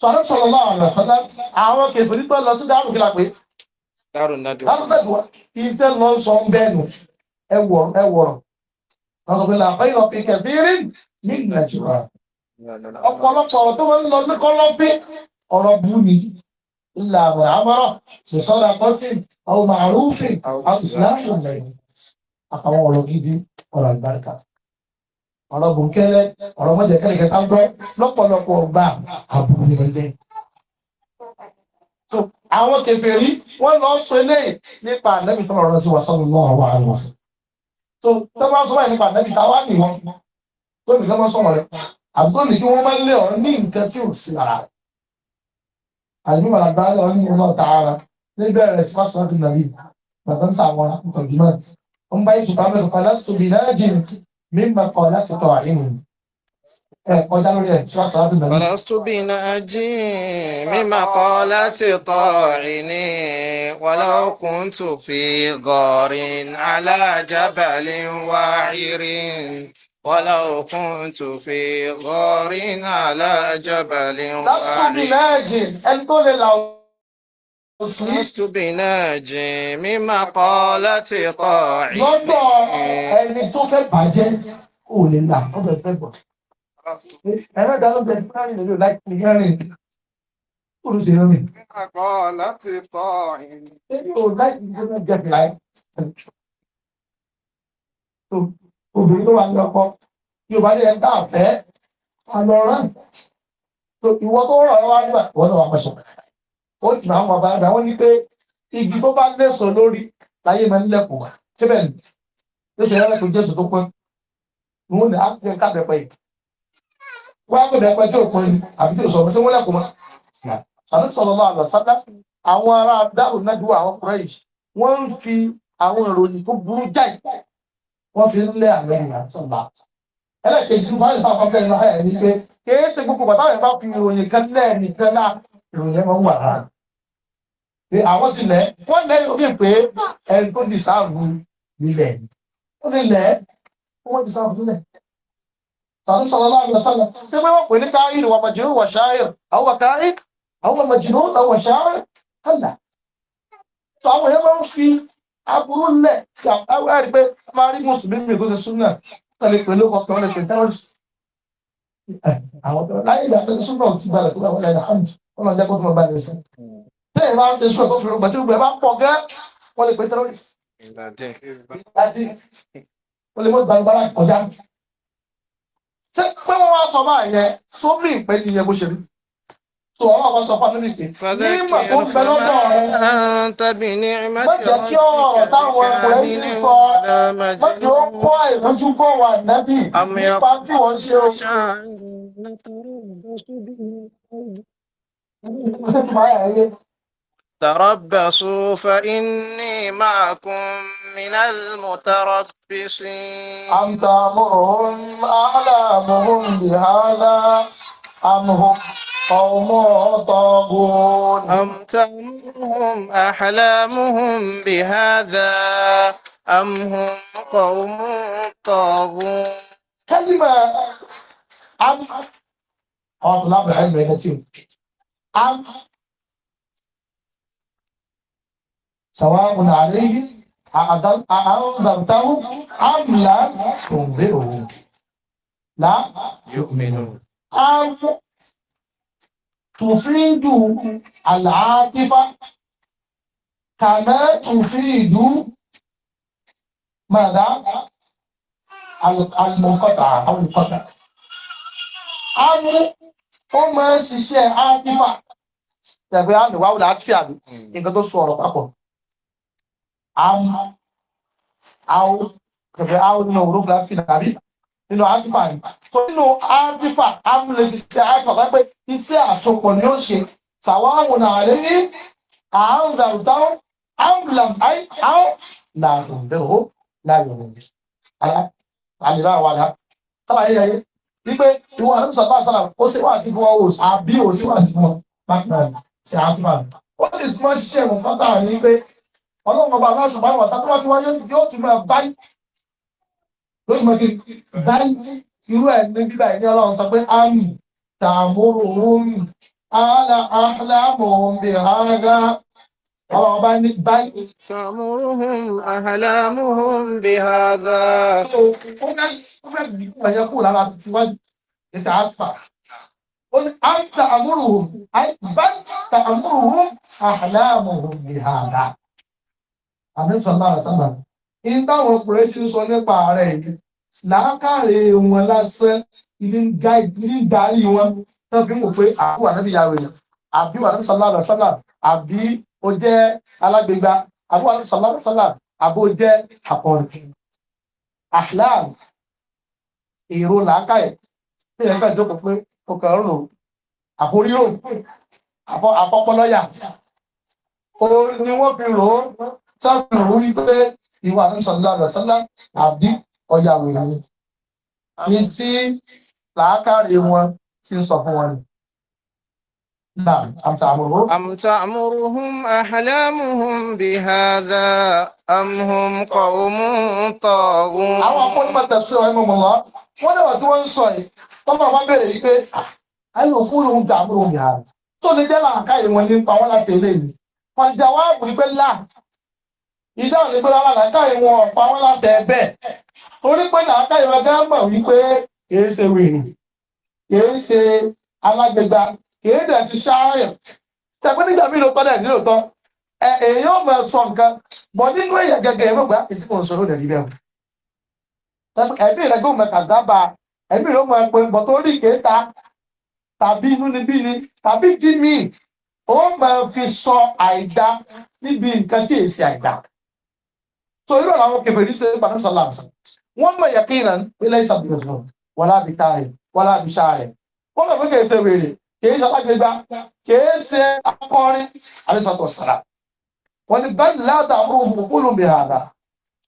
sọ̀rọ̀ sọ̀rọ̀ náà ọ̀nà sọ́dá àwọn kẹfẹ́ nípa lọ sí dáhùn kíra pé
dáhùn náà dùn
wá ìtẹ́ lọ sọ ń bẹ́ẹ̀ nù ẹwọ̀rọ̀ ọ̀gbìn làbẹ́yìn ọ̀pẹ kẹfìrí ní nàìjíríà ọ̀pọ̀lọpọ̀ ọ̀rọ̀ tó máa ń lọ ní kọ́lọ́fí ọ̀rọ̀ bú ni ilà àwẹ̀ amọ́rọ̀ sọ̀rọ̀ àkọ́tì àwọn màrúfin àṣìláàmù lẹ́yìn àtàwọn ọ̀rọ̀ gidi ọ̀rọ̀ àgbàkà ọ̀rọ̀ bòńkẹ́rẹ́ ọ̀rọ̀ mọ́jẹ̀kẹ́rẹ́ kẹta ń gbọ́ lọ́pọ̀lọpọ̀ ọgbà àbúrò ẹlẹ́ àwọn kèfèrí wọ́n lọ sọ eléyìí nípa àlẹ́mìtọ́ ọ̀rọ̀ sí wàsánù náà wà á lọ tó tọ́gbà sọ báyìí nípa àtẹ́bí ta wá nìwọ̀n tó nìkan mọ́ sọ̀rọ̀ rẹ̀ àbúrò ní kí wọ́n máa lé ọ̀rọ̀ ní nǹkan tí ò sí ara rẹ̀. àdúgbò àgbà lọ ní ọmọ ọ̀tá ara níbẹ̀ rẹ̀ sí fásitì láti nàbí bàbá ń sàwọn kọ̀ǹdímọ̀tì. ó ń bá ìṣùpá mẹ́rin kan
فرست بناجيم مقالة طاعني ولو كنت في غار على جبل وعير ولو كنت في غار على جبل وعير لست بناجي من مقالة طاعني. lọ́dọ̀
ẹni tó fẹ́ bàjẹ́ ò lè là ó ẹlẹ́dàá ló jẹ tí fúnra mi lè lò láì ní hẹ́rìn olùsè hẹ́rìn. àgbọ̀ láti tọ́ ẹ̀yìn. èmi ò láì ní gbọ́dọ̀ jẹ fìlà ẹ̀. obìnrin ló wà ní ọkọ yorùbá ní ẹ̀dá àfẹ́ àlọ́rán ìwọ tó rọ̀ ọ́ wá nígbà ìwọ náà wà ó ti máa ń wọ bàbá wọn ní pé igi tó bá lẹ́sọ̀ lórí láyé máa ń lẹ́kùn wá síbẹ̀ ní lóṣèlú ẹlẹ́kùn jésù tó pọ́n òun ni á kábẹ́pẹ́ yìí wọ́n á gbọ́dọ̀ ẹgbẹ́ tí ò pọn ni àbí tí ò sọ̀rọ̀ sí wọ́n lẹ́kọ̀ọ́ mọ́. àbí sọ̀rọ̀ lọ́wọ́ àlọ́ sábà àwọn ará dárò náà dúró àwọn ọkùnrin yìí wọ́n ń fi àwọn ìròyìn tó burú jáì wọ́n fi ń lé àwọn ènìyàn sọ̀lá. ẹlẹ́kẹ̀jì fún àyè sáfà fẹ́ lọ ẹ̀ ní pé kìí ṣe gbogbo bàtà yẹn bá fi ìròyìn kan lẹ́ nìkan náà ìròyìn ẹ̀ máa ń wà rárá. àwọn ti lẹ̀ wọ́n lẹ́ omi pé ẹni tó dì sáàbù nílẹ̀ ni. ó ní lẹ̀ ó wọ́n dì sáàbù nílẹ̀ tàbí sallallahu alaihi wasallam ṣé pé wọ́n pè ní káyìrì wà majnun wà ṣáyìr àwọn wà káyìr àwọn wà majnun àwọn wà ṣáyìr kàlà tó àwọn èèyàn máa ń fi aburú lẹ̀ tí àwọn ẹ̀rí pé máa rí mùsùlùmí tó ṣe súnà tẹ̀lé pẹ̀lú ọkọ̀ ọ̀rẹ́ pé terrorist àwọn láyé ìgbà pẹ̀lú súnà ti balẹ̀ tó bá wọlé ẹ̀dá hàn wọn lọ jẹ́ kó tó máa balẹ̀ sí. bẹ́ẹ̀ máa ń ṣe súnà tó fi rògbà tí rògbà bá pọ̀ gẹ́ wọ́n lè pé terrorist. wọ́n lè mọ́ gbàgbára kọjá tí pé wọ́n wá sọ báyìí yẹn tó mí ìpè yìí yẹn bó ṣe rí
tó ọ̀rọ̀ ọ̀pọ̀ sọ fún mi nìké nígbà tó ń bẹ lọ́dọ̀ rẹ mẹ́jọ kí ọ̀rọ̀ táwọn ẹ̀kùnrin sì sọ mẹ́jọ ó kó àìrójú bọ̀ wà nẹ́bì nípa tí wọ́n ṣe o. Mo ṣe tún báyà yẹn. تربصوا فإني معكم من المتربصين أم تأمرهم أعلامهم بهذا أم هم قوم طاغون أم تأمرهم أحلامهم بهذا أم هم قوم طاغون كلمة
أم أم أم sàwáhùn àléyìn àádọ́tàhùn àmìlà òǹgbé òun là yóò mẹ́nu. àwọn tùfíìdù àlàáfífà kàmẹ́ tùfíìdù màdá àlùmọ̀kọ́tà àwọn olùkọ́tà. àwọn ó máa ń ṣiṣẹ́ àáfífà tẹ̀gbẹ́ àmì wàhùn àti fíàmì hmm. nǹkan tó sọ ọ̀rọ̀ papọ̀ am au kẹfẹ au nínú òwúrọ̀ gbà fi nàbí nínú atipa ni tó nínú atipa am lè ṣiṣẹ́ atipa pẹpẹ iṣẹ́ àsopọ̀ ni ó ṣe sàwọn náà lè ní àwọn ìdàrúdáwọ àwọn ìlànà àwọn làrúndẹwò láyọrọ àlèrà àwàdà tàbí ẹyẹ wípé ìwọ àti sọpá sára ó sì wà sí fún ọ àbí ó sì wà sí fún ọ bákan náà sí àtúmọ̀ ó sì mọ ṣiṣẹ́ ìmọ̀ pátá ní pé ọlọ́run ọba aláṣọ bá wà tátọ́wá tí wáyé sí yóò tún máa báyìí ló tún máa kí báyìí irú ẹ̀ ní bíbá ẹ̀ ní ọlọ́run sọ pé àmì tààmúrò omi àlà àhàlámọ̀ omi àgá ọlọ́run bá ní báyìí. tààmúrò ohun àhàlámọ̀ omi bí àgá. ó fẹ́ ó fẹ́ bí kúrò lára àti tiwájú ètò àtúfà ó ní àǹtà àmúrò ohun tààmúrò ohun àhàlámọ̀ omi àgá àmẹ́sọ̀lá àṣàlà in táwọn ọkùnrin sì ń sọ nípa ààrẹ yìí làákàrè wọn lásán ní ń darí wọn tó fi ń wò pé àbúwà náà yà rèé àbíwà náà sọlá àṣàlà àbí ó jẹ́ alágbègbà àbúwà náà sọlá àṣàlà àbó jẹ́ àpọ̀rẹ̀ àhlam èrò làákàyè tí ẹgbẹ́ ìjókòó pé ọkọ̀ ọ̀rùn àforírò àpọ̀pọ̀lọ́yà ni wọ́n fi rò ó táwọn ò rí pé ìwà ń sọ̀rọ̀ lọ́dọ̀ sọ́lá àbí ọjà wèrè ni. Ní tí
làákàrí wọn ti ń sọ fún wọn ni. نعم أم تعمرهم أم تعمرهم أحلامهم بهذا أم هم قوم طاغون àwọn akọ́nìmọ̀ tẹ̀sí ọ̀hún ẹ̀mọ̀ lọ wọ́n náà tí wọ́n ń sọ yìí
wọ́n bá wọn bẹ̀rẹ̀ yìí pé ayé òkú lòun dààmú lòun yàrá tó lè jẹ́ làákà ìwọ̀n nípa wọn láti eléyìí wọ́n jà wá àbùrí pé láà ìdá òní gbé lára làákàyè wọn ọ̀pá wọn láti ẹ̀bẹ̀ torí pé làákàyè wọn gán mọ̀ wípé kìí ṣe wèrè kìí ṣe alágbègbà kìí dẹ̀ ṣe ṣááyọ̀ tẹ̀gbọ́n nígbà mí ló tọ́ dẹ̀ nílò tọ́ ẹ èèyàn mọ̀ sọ nǹkan bọ̀ nínú èèyàn gẹ́gẹ́ ẹ̀rọ gbà ètí mò ń sọ lóde níbẹ̀ ẹ̀mí rẹ̀ gbọ́n mọ̀ kàdábà ẹ̀mí rẹ̀ mọ̀ pé bọ̀ torí kèéta tàbí inú níbí ni tàbí jí mi ó mọ̀ fi sọ àìdá níbi nǹkan tí èsì àìdá so irú àwọn kẹfẹ̀rí ṣe pàdé sọ́lá wọ́n mọ̀ yẹ̀kí ìràn ilẹ̀ ìsàbùrù wọ́n láàbí káàrẹ̀ wọ́n láàbí ṣáàrẹ̀ wọ́n mọ̀ fún kìí ṣe wèrè kìí ṣe alágbègbà kìí ṣe akọrin àdìsọ́tọ̀ sára wọ́n ní bẹ́ẹ̀ láta olùmùkúlù mi àdá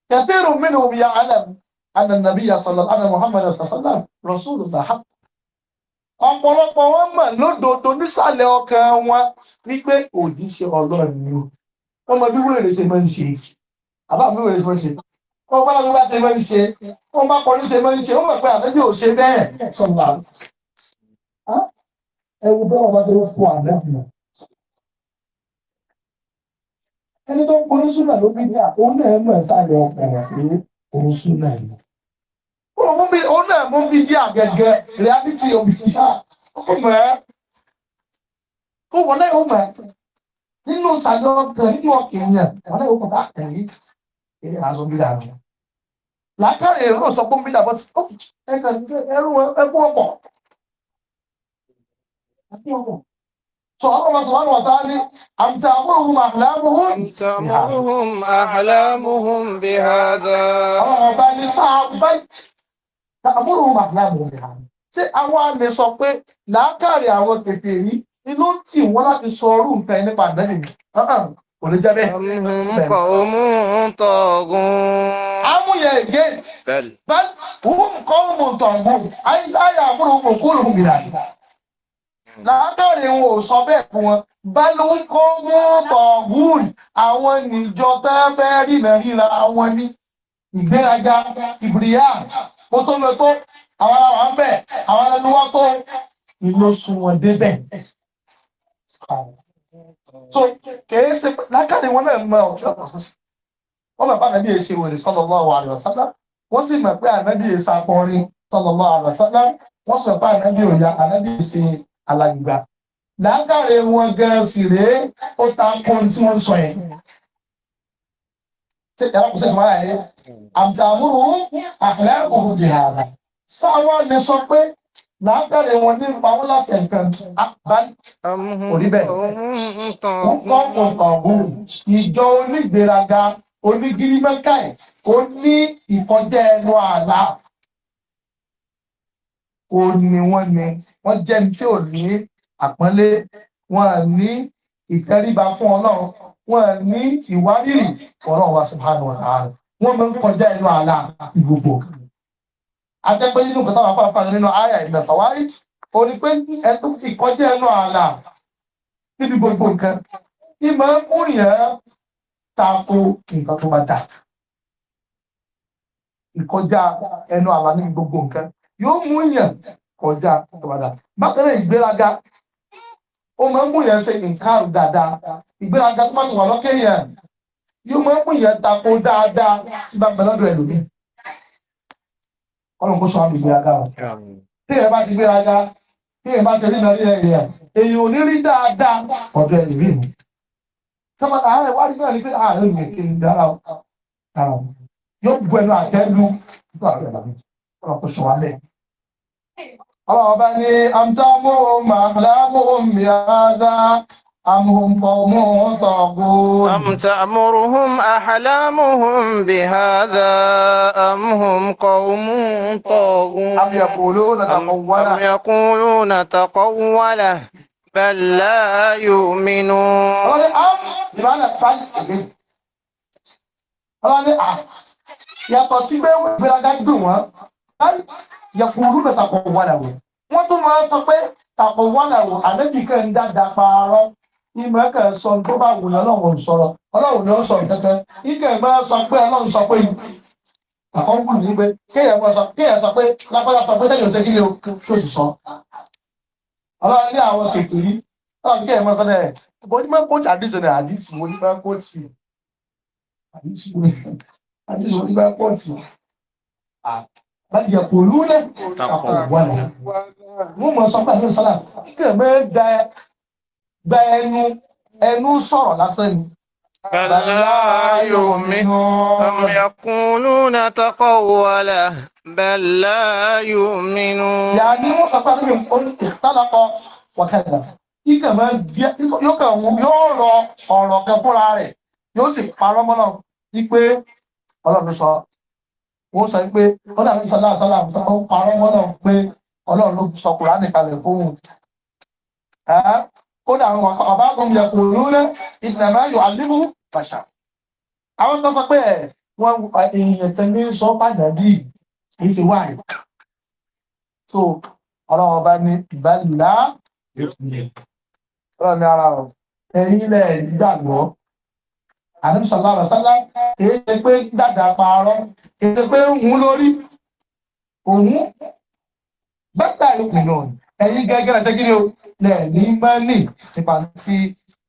kẹfẹ́rù mínú mi yà álẹ̀ ànànàbí yà sọ̀lọ̀ ànà Muhammad sàṣàlá rọ̀ṣúlù tà hàp ọ̀pọ̀lọpọ̀ wọn mọ̀ lódodo nísàlẹ̀ ọkàn wọn wípé òjíṣẹ́ Ọlọ́run ni àbá mi ò lè ṣe wọn bá wọn bá ṣe máa ń ṣe wọn bá kọjú ṣe máa ń ṣe wọn mọ̀ pé àtẹ́jú ò ṣe bẹ́ẹ̀ sọ̀rọ̀ ẹ wo bí wọn bá ṣe ń fún àdéhùn ẹni tó ń polú súnà ló bí ní àwọn náà mọ̀ sáré ọkùnrin pé òun súnà ni. òun náà mú mi jẹ́ àgẹ̀gẹ̀ reality of the car ó mọ̀ ẹ́ ó wọlé ó mọ̀ ẹ́ nínú sàjọ́ ọkàn nínú ọkàn yẹn wọlé ó mọ̀ ká tẹ̀lé aṣọ bídà mi látàrí èrò sọ pé bídà bọ́tí ó ẹ̀ka ẹrú ẹkú ọ̀pọ̀ ẹkú ọ̀pọ̀ sọ ọlọ́wọ́ sọ wọn wọ̀tá ní àmtàmúhùn àhàlámùhùn àmtàmúhùn àhàlámùhùn bí hàdà ọlọ́wọ́ bá ní sáà bá àmúhùn àhàlámùhùn bí hàdà tí àwọn àmì sọ pé làákàrí àwọn kèfèrí ni ló tì wọ́n láti sọ ọrú nǹkan nípa àdánìyàn oníjẹ́bẹ́. ọmọ ọmọ tọ̀gùn. amúyẹ ègé bẹ́ẹ̀ wọ́n kọ́ ọmọ tọ̀gùn ayé àbúrò òkúrò mìíràn látàrí wọn ò sọ bẹ́ẹ̀ fún wọn bá ló ń kọ́ mọ́ tọ̀gùn àwọn níjọ tẹ́ fẹ́ rìnà ríra wọn ní ìgbéraga ìbìrìyà ó tó lọ àwọn ará wa ń àwọn ará ni wọ́n tó ìlọsùn wọn débẹ̀ so kèé ṣe lákàtí wọn náà mọ ọjọ́ ọ̀sán sí wọn mọ̀ bá nàbí èṣe wèrè sallallahu alaihi wasallam wọ́n sì mọ̀ pé ànábì èṣe akọrin sallallahu alaihi wasallam wọ́n sọ pé ànábì òya ànábì èṣe alàgbà lákàtí wọn gan sì rèé ó ta kún tí wọ́n sọ yẹn sáwọn ni sọ pé máa bẹ̀rẹ̀ wọn ní ìpawó lọ́sẹ̀ nǹkan báyìí orí bẹ́ẹ̀. ń kọ́ kọ̀ọ̀kan ọ̀hún ìjọ onígbèraga onígirímẹ́ká ẹ̀ ó ní ìkọjá ẹnu ààlà ó ní wọ́n ní wọ́n jẹ́ ní tí ò ní àpọ́nlé wọn ní ìtẹríba fún ọlọ́run wọn ní ìwárìrì ọlọ́run wa subhanahu wa wọ́n máa ń kọjá ẹnu ààlà gbogbo ajẹ́pẹ́ nínú nǹkan táwọn afáfá nínú àyà ìmẹ̀fà wáyé ó ní pé ẹnu ìkọjá ẹnu ààlà níbi gbogbo nǹkan ní máa ń mú yẹn tako nǹkan tó bá dà ìkọjá ẹnu ààlà níbi gbogbo nǹkan yóò mú yẹn kọjá tó bá dà bákan náà ìgbéraga ó máa ń mú yẹn ṣe nǹkan dáadáa ìgbéraga tó máa ń wà lọ́kẹ́ yẹn yóò mú yẹn tako dáadáa tí bá ń bẹ lọ́dọ̀ ẹlòmíì ọlọ́run kó sọ àmì ìgbéraga o tí ẹ bá ti gbéraga tí ẹ bá ti rí nàrí rẹ yẹ ò ní rí dáadáa ọ̀dọ̀ ẹ̀rí mi sọ́mọ́ àárẹ̀ wá rí náà ní pé àárẹ̀ ah, mi kì í dára o yóò bu ẹnu àtẹ́lu nípa àárẹ̀ bàbá ọlọ́run kó sọ alẹ́ ọlọ́run bá ní àmì tá a mú òun mi أم هم
قوم طاغون أم تأمرهم أحلامهم بهذا أم هم قوم طاغون أم يقولون تقوله أم يقولون تقوله بل لا يؤمنون أم بمعنى بل أم
yàtọ̀ sí pé ìgbéraga dùn wọ́n láì yàkùrú lè takọ̀ wàdà wò wọ́n tún máa sọ pé takọ̀ wàdà wò àdébìkan dáadáa pààrọ̀ ìmọ̀ ẹ̀kẹ́ sọ tó bá wù ní ọlọ́run sọ̀rọ̀ ọlọ́run ni ó sọ kẹ́kẹ́ ìkẹ́ ẹ̀gbẹ́ sọ pé ọlọ́run sọ pé àkọ́kù ní pé kéèyàn sọ pé lápẹ́lá sọ pé tẹ́lẹ̀ òṣèlú o tó sì sọ. ọlọ́run ní àwọn kèké rí ọlọ́run kéèyàn mọ́ sọ́dẹ̀ ẹ̀ bọ́dí máa ń kóòtù àdìsí rẹ̀ àdìsí mo ní máa ń kóòtù àdìsí mo ní máa ń kóòtù báyìí kò lú náà gba ẹnu ẹnu sọ̀rọ̀ lásán ni. Bàlá
yóò mi, ọmọ ẹ̀kúnlú náà tọ́kọ̀ wọlé, bàlá yóò mi nù. Yà ní wọ́n sọ pé àwọn ìtàlákọ̀ wọ̀kẹ̀dà, ìkà máa ń bí yóò kàn wọ́n
yóò rọ ọ̀rọ̀ kan fúnra rẹ̀, yóò sì parọ́ mọ́nà wípé ọlọ́run sọ. Wọ́n sọ pé ọlọ́run sọ láàsọ́lá parọ́ mọ́nà pé ọlọ́run sọ Kùránì kalẹ̀ fóun kódà àwọn àbákan yẹ kò lónà ìdìnàmá yọ àlébù bàṣà àwọn tó sọ pé ẹ wọn èèyàn tẹmí sọ padà bí kì í ṣe wáyé so ọlọ́run ọba ní ìbálòlá ọlọ́run ní ara ọ ẹ̀yin ilẹ̀ ìgbàgbọ́ àdúmsọ̀lá ọ̀sánlá kìí ṣe pé dàdà pààrọ̀ kìí ṣe pé ń lórí òun bẹ́tà ìkùnà ẹ̀yin gẹ́gẹ́ ẹ̀sẹ̀ kí ni o lẹ̀ ní mọ́nì nípa tí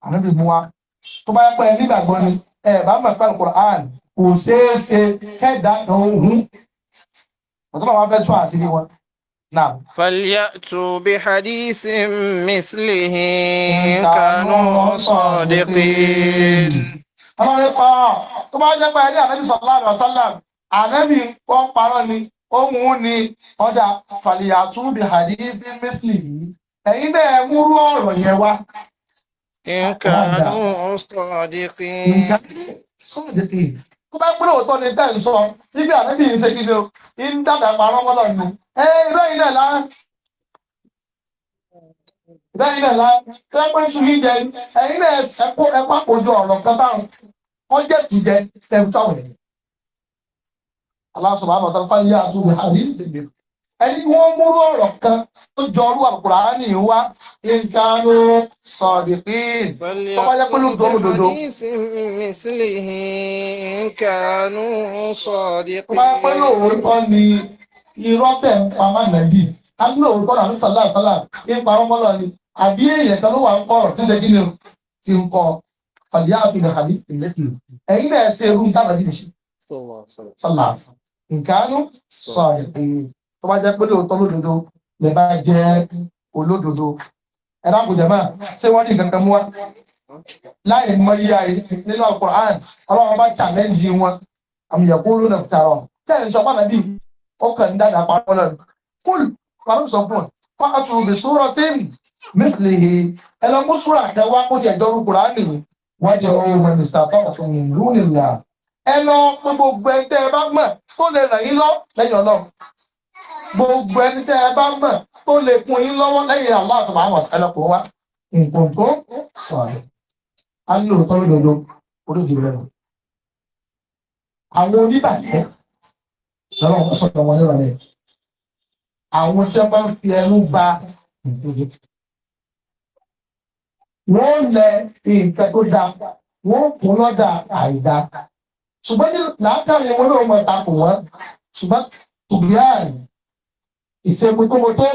ànábì mú wa tó bá pẹ́ nígbàgbọ́ ni ẹ̀ bá mọ̀ pé alukur'an kò ṣeé ṣe kan òun ọ̀tọ́ bá fẹ́ tún àṣírí wọn.
فليأتوا بحديث مثله كانوا صادقين. Àwọn ọ̀rẹ́ pa tó bá jẹ́ pé ẹni ànábì sallallahu alaihi
wasallam ànábì wọ́n parọ́ ni ohun ni ọ̀dà fàlìyàtúbì hadithi mẹ́sìlì yìí ẹ̀yin bẹ́ẹ̀ múrú ọ̀rọ̀ yẹn wá.
nǹkan sọ̀dìkì. nǹkan sọ̀dìkì.
tó bá gbọ́dọ̀ òótọ́ ni tẹ́ ń sọ ibi àbẹ́bí ń ṣe kíni o ń dàgbà parọ́ mọ́lọ̀ nù. ẹ irọ́ yìí náà láá. irọ́ yìí náà láá. tẹ́lẹ́pẹ́ ń sunjú jẹ ẹ̀yin náà ẹ̀kọ́ ẹ̀pá kojú ọ̀rọ̀ kan báwọn wọ́n jẹ́ tìjẹ tẹ̀wútàwẹ̀ yìí. Allah subhanahu wa ta'ala falya'tu bi hadithin mithlihi ẹni wọ́n múrú ọ̀rọ̀ kan tó jọrú Al-Qur'ani wá in kanu sadiqin tó bá yẹ pé ló ń dọ́rọ̀ dodo. tó bá yẹ pé lóòótọ́ ni irọ́ tẹ̀ ń pa má nàbí àbí lóòótọ́ náà ní sàlá sàlá nípa ọmọlọ ni àbí èèyàn kan ló wà ń kọ́ ọ̀rọ̀ tí ṣe kí ni o ti ń kọ́ falya'tu bi hadithin mithlihi ẹ̀yin náà ṣe irú ń tàbí ṣe.
sọlá sọlá
nkanu sọ̀rọ̀ tó bá jẹ́ pé lóòótọ́ lódodo lè bá jẹ́ olódodo ẹ̀rọ àkùjẹ̀mọ́ ṣé wọ́n ní kankan mú wa láì mọ yíya yìí nínú Al-Qur'an ọlọ́run bá challenge wọn àmìyàkó ló nà tààrọ̀ tẹ́lẹ̀ sọ pàdé bí ó kàn ń dáadáa pàápọ̀ náà kúl pàápọ̀ sọ fún ọ pàtó bí sùúrọ̀ tí mìtìlìhì ẹlọ́mú sùúrọ̀ àtẹwà kó ti ẹ̀jọ́ rú Kùránì wájú ọ̀rọ̀ ìwọ̀n ìsàtọ̀ ọ̀tún ìlú nìlá ẹ lọ pé gbogbo ẹni tẹ́ ẹ bá mọ̀ tó lè ràn yín lọ lẹ́yìn Ọlọ́run gbogbo ẹni tẹ́ ẹ bá mọ̀ tó lè kún yín lọ́wọ́ lẹ́yìn Allah subhanahu wa ta'ala kò wá nǹkan tó sọ̀rọ̀ a ní lóòótọ́ lódodo oríṣi rẹ̀ nù. àwọn oníbàjẹ́ lọ́wọ́ wọn sọ̀rọ̀ wọn lọ́wọ́ rẹ̀ àwọn tí wọ́n bá ń fi ẹnu ba wọ́n lẹ nǹkan tó dáa wọ́n kún lọ́dà àìdáa ṣùgbọ́n ní làákàyè wọn náà mọ̀ takò wọn ṣùgbọ́n tùbíàn ìṣègbèkómọtó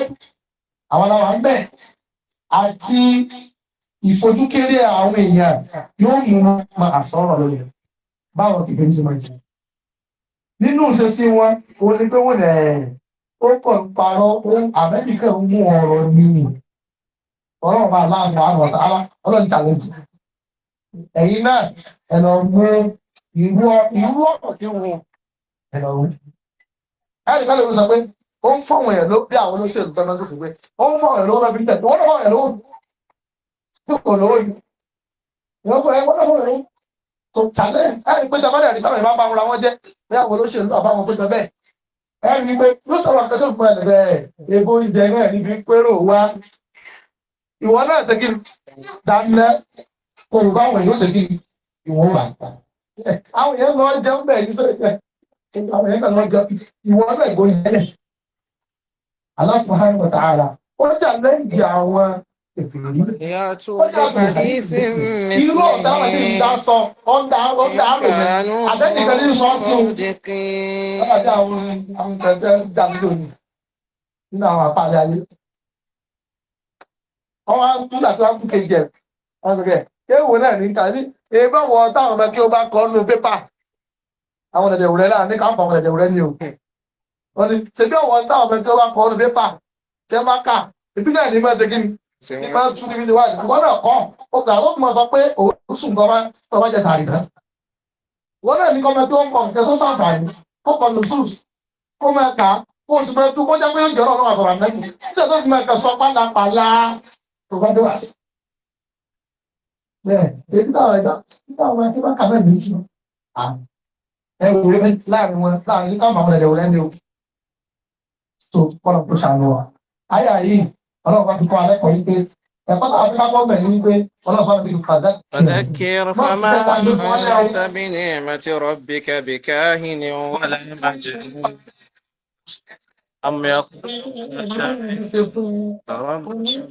àwọn làwọn ń bẹ̀ àti ìfojúkéré àwọn èèyàn yóò mú wọn mọ àsọ̀rọ̀ lórí báwo kìkẹ́ ní sí máa jẹ nínú ìṣesí wọn òun ni pé wọn ẹ ó kàn ń parọ́ ohun àmẹ́ríkà ń mú ọ̀rọ̀ nínú ọ̀rọ̀ ọba aláàfọ̀ àwọn ọ̀tá ọlọ́ọ̀ta lójú ẹ̀yin náà ẹ lọ mú ìwọ ọ̀rọ̀ tí wọn ẹ̀rọ wí. ẹ̀rì kan lè sọ pé ó ń fọ̀wọ̀n ẹ̀ bí àwọn olóṣèlú tọ́nà sí pé ó ń fọ̀wọ̀n ẹ̀ lọ́bí tẹ̀ wọ́n fọ̀wọ̀n ẹ̀ tó kò lówó yìí wọ́n fọ̀wọ̀n ẹ̀ wọ́n fọ̀wọ̀n ẹ̀ tó tàlẹ́ ẹ̀rì pé tàbá rẹ̀ tàbá ìbá bámúra wọn jẹ́ bí àwọn olóṣèlú náà bá wọn péjọ bẹ́ẹ̀ ẹ̀rì pé ló sọ̀rọ̀ wọn yóò ṣe kí ìwọ àwọn èèyàn lọ jẹun bẹ́ẹ̀ yìí sọ̀rọ̀ àwọn èèyàn kan lọ jẹun ìwọ bẹ́ẹ̀ gbóyè lẹ̀ Allah subhanahu wa ta'ala ó jà lẹ́yìn àwọn Irú ọ̀dá wà ní ìdá sọ, ọ̀dá ọ̀dá àrùn, àbẹ́nìkan ní sọ sí o. Ọ̀dá àwọn àwọn kẹ̀kẹ́ dàbí lónìí nínú àwọn àpárí ayé. Ọwọ́ àkúndà tó wá kú kejì ẹ̀, ọ̀rẹ́ kéwò náà ní ká ní ebá wọ táwọn ọmọ kí ó bá kọ nínú pépà àwọn ọ̀dẹ̀dẹ̀ rẹ̀ láà ní káwọn ọmọ ọ̀dẹ̀dẹ̀ rẹ̀ ní o wọ́n ní ṣebí ọ̀wọ́ táwọn ọmọ kí ó bá kọ nínú pépà tẹ́ má kà ìbílẹ̀ ní mọ́ ṣe kí ni ìmọ̀ tún níbi ṣe wá ìwọ́n náà kọ́ ó gbà ó mọ̀ sọ pé òun sùn gan máa tó wá jẹ sàrì náà wọ́n náà ní kọ́ mẹ́ tó ń kọ́ nǹkan tó sàǹfààní kó kọ́ nù sùs kó máa kà á kó oṣù mẹ́tú kó jẹ́ pé ó jọ̀rọ̀ náà èyí náà ẹ̀dá nígbà wọn ẹni wọn kà náà ní ìṣú ẹ wò ó láàrin wọn láàrin nígbà wọn àwọn ẹ̀dẹ̀wò lẹ́nu o so kọ́nà tó ṣàánú wa àyà yìí ọlọ́run bá fi kọ́ alẹ́ kọ́ yìí pé ẹ̀kọ́ náà fi kápọ́ bẹ̀ ní pé ọlọ́run bá fi kọ́ alẹ́
فذكر فما أنت بنعمة ربك بكاهن ولا مجنون أم يقولون
شاعر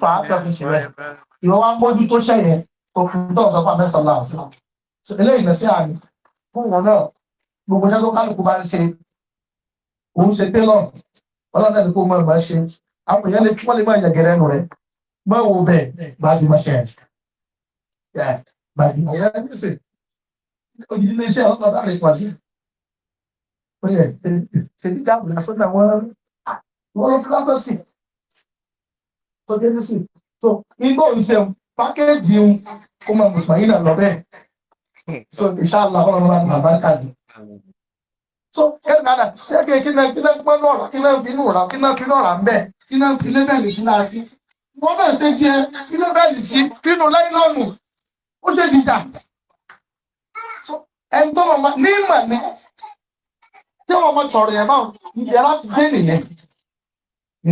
فأنت في شبه يوم موجود شاعر òkùntọ̀ sọ́pà mẹ́sàn-án láàṣà eléyìí lẹ́sí àmì fún wọn náà gbogbo ṣẹ́ tó kálukú bá ń ṣe òun ṣe télọ̀ ọlọ́run náà ní kó mọ̀ ẹ̀ máa ṣe àwọn èèyàn lè wọ́n lè máa yàgẹ̀rẹ́ nù rẹ̀ máa wo bẹ́ẹ̀ bá di máa ṣe ẹ̀ bá di máa yàrá ní sè òjijì lè ṣe ọlọ́run bá rẹ̀ pa sí. Oye, ṣèbí dáàbò lásán náà wọ́n wọ́n lọ fi lásán sí. Tó dé ní sí. Tó igbó ìṣẹ́wọ̀n pákéjì ń kó máa mùsùlùmí náà lọ bẹ́ẹ̀ so inshallah ọlọ́run máa ń bà bá kàdé so kẹ́gbàdà sẹ́kẹ̀ kí náà kí náà pẹ́ lọ́ra kí náà fi lọ́ra kí náà fi lọ́ra ń bẹ̀ kí náà fi lébẹ̀lì sí náà sí wọ́n bẹ̀ ṣe jẹ́ kí lébẹ̀lì sí kínú láìlọ́nù ó ṣe dìjà ẹni tó wọn ní ìmọ̀ ni tí wọn mọ sọ̀rọ̀ yẹn báwọn ìjẹ́ láti dé nìyẹn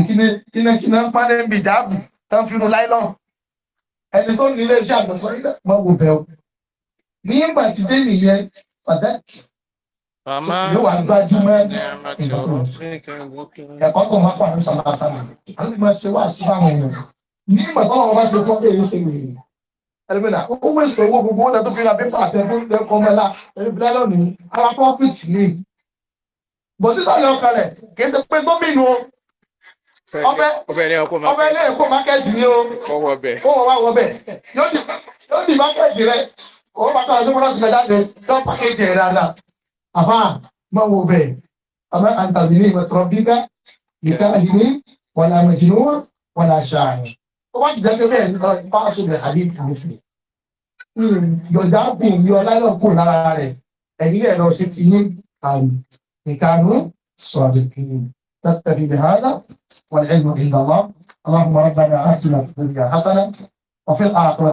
kí náà kí náà kí náà pálẹ̀ ń bìjà ààbò tán fi lọ láìlọ́nù ẹni tó ní iléeṣẹ́ àgbẹ̀fọ́ yìí má wò bẹ́ẹ̀ o ní ìgbà tí dé nìyẹn pàtàkì yóò wá gbajúmọ̀ ẹ̀kọ́ tó máa pàrọ̀ sọ̀rọ̀ àṣàlẹ̀ àwọn ìgbà ṣe wá sí báwọn èèyàn ní ìgbà tó wọn bá ṣe pọ́ bẹ́ẹ̀ ṣe wèrè ẹlẹ́mìnà ó wé sọ owó gbogbo ọ̀dà tó fi ra pépà àtẹ̀kùn lẹ́kọ̀ọ́ mẹ́la ẹlẹ́mìnà lónìí ara pọ́fìtì ni bọ̀dúsọ̀ yọ kalẹ̀ kì í ṣe pé gómìnà ọbẹ̀ ilé èkó mákẹ́tì ni o
kọ́wọ́
wá wọ bẹ̀ yóò di mákẹ́tì rẹ òun bàtà àti múlá ti gbẹdáde tó pàkéjì rẹ dáadáa àbá má wo bẹ̀ àbá àǹtàbí ní ìmọ̀ tọrọ bíbá ìta ìní wọn àmì ìjìnú wọn àṣà rẹ ó bá ti dẹ́gbẹ́ bẹ́ẹ̀ lọ bá a sọ̀rọ̀ àdé ìtàlùfẹ́ hmm, yọ̀dá kùn yọ láyọ̀ kùn lára rẹ̀ ẹ̀yìn sí ti ní àrùn ìtanú sọ̀rọ̀ تكتفي بهذا والعلم عند الله اللهم ربنا آتنا في الدنيا حسنة وفي الآخرة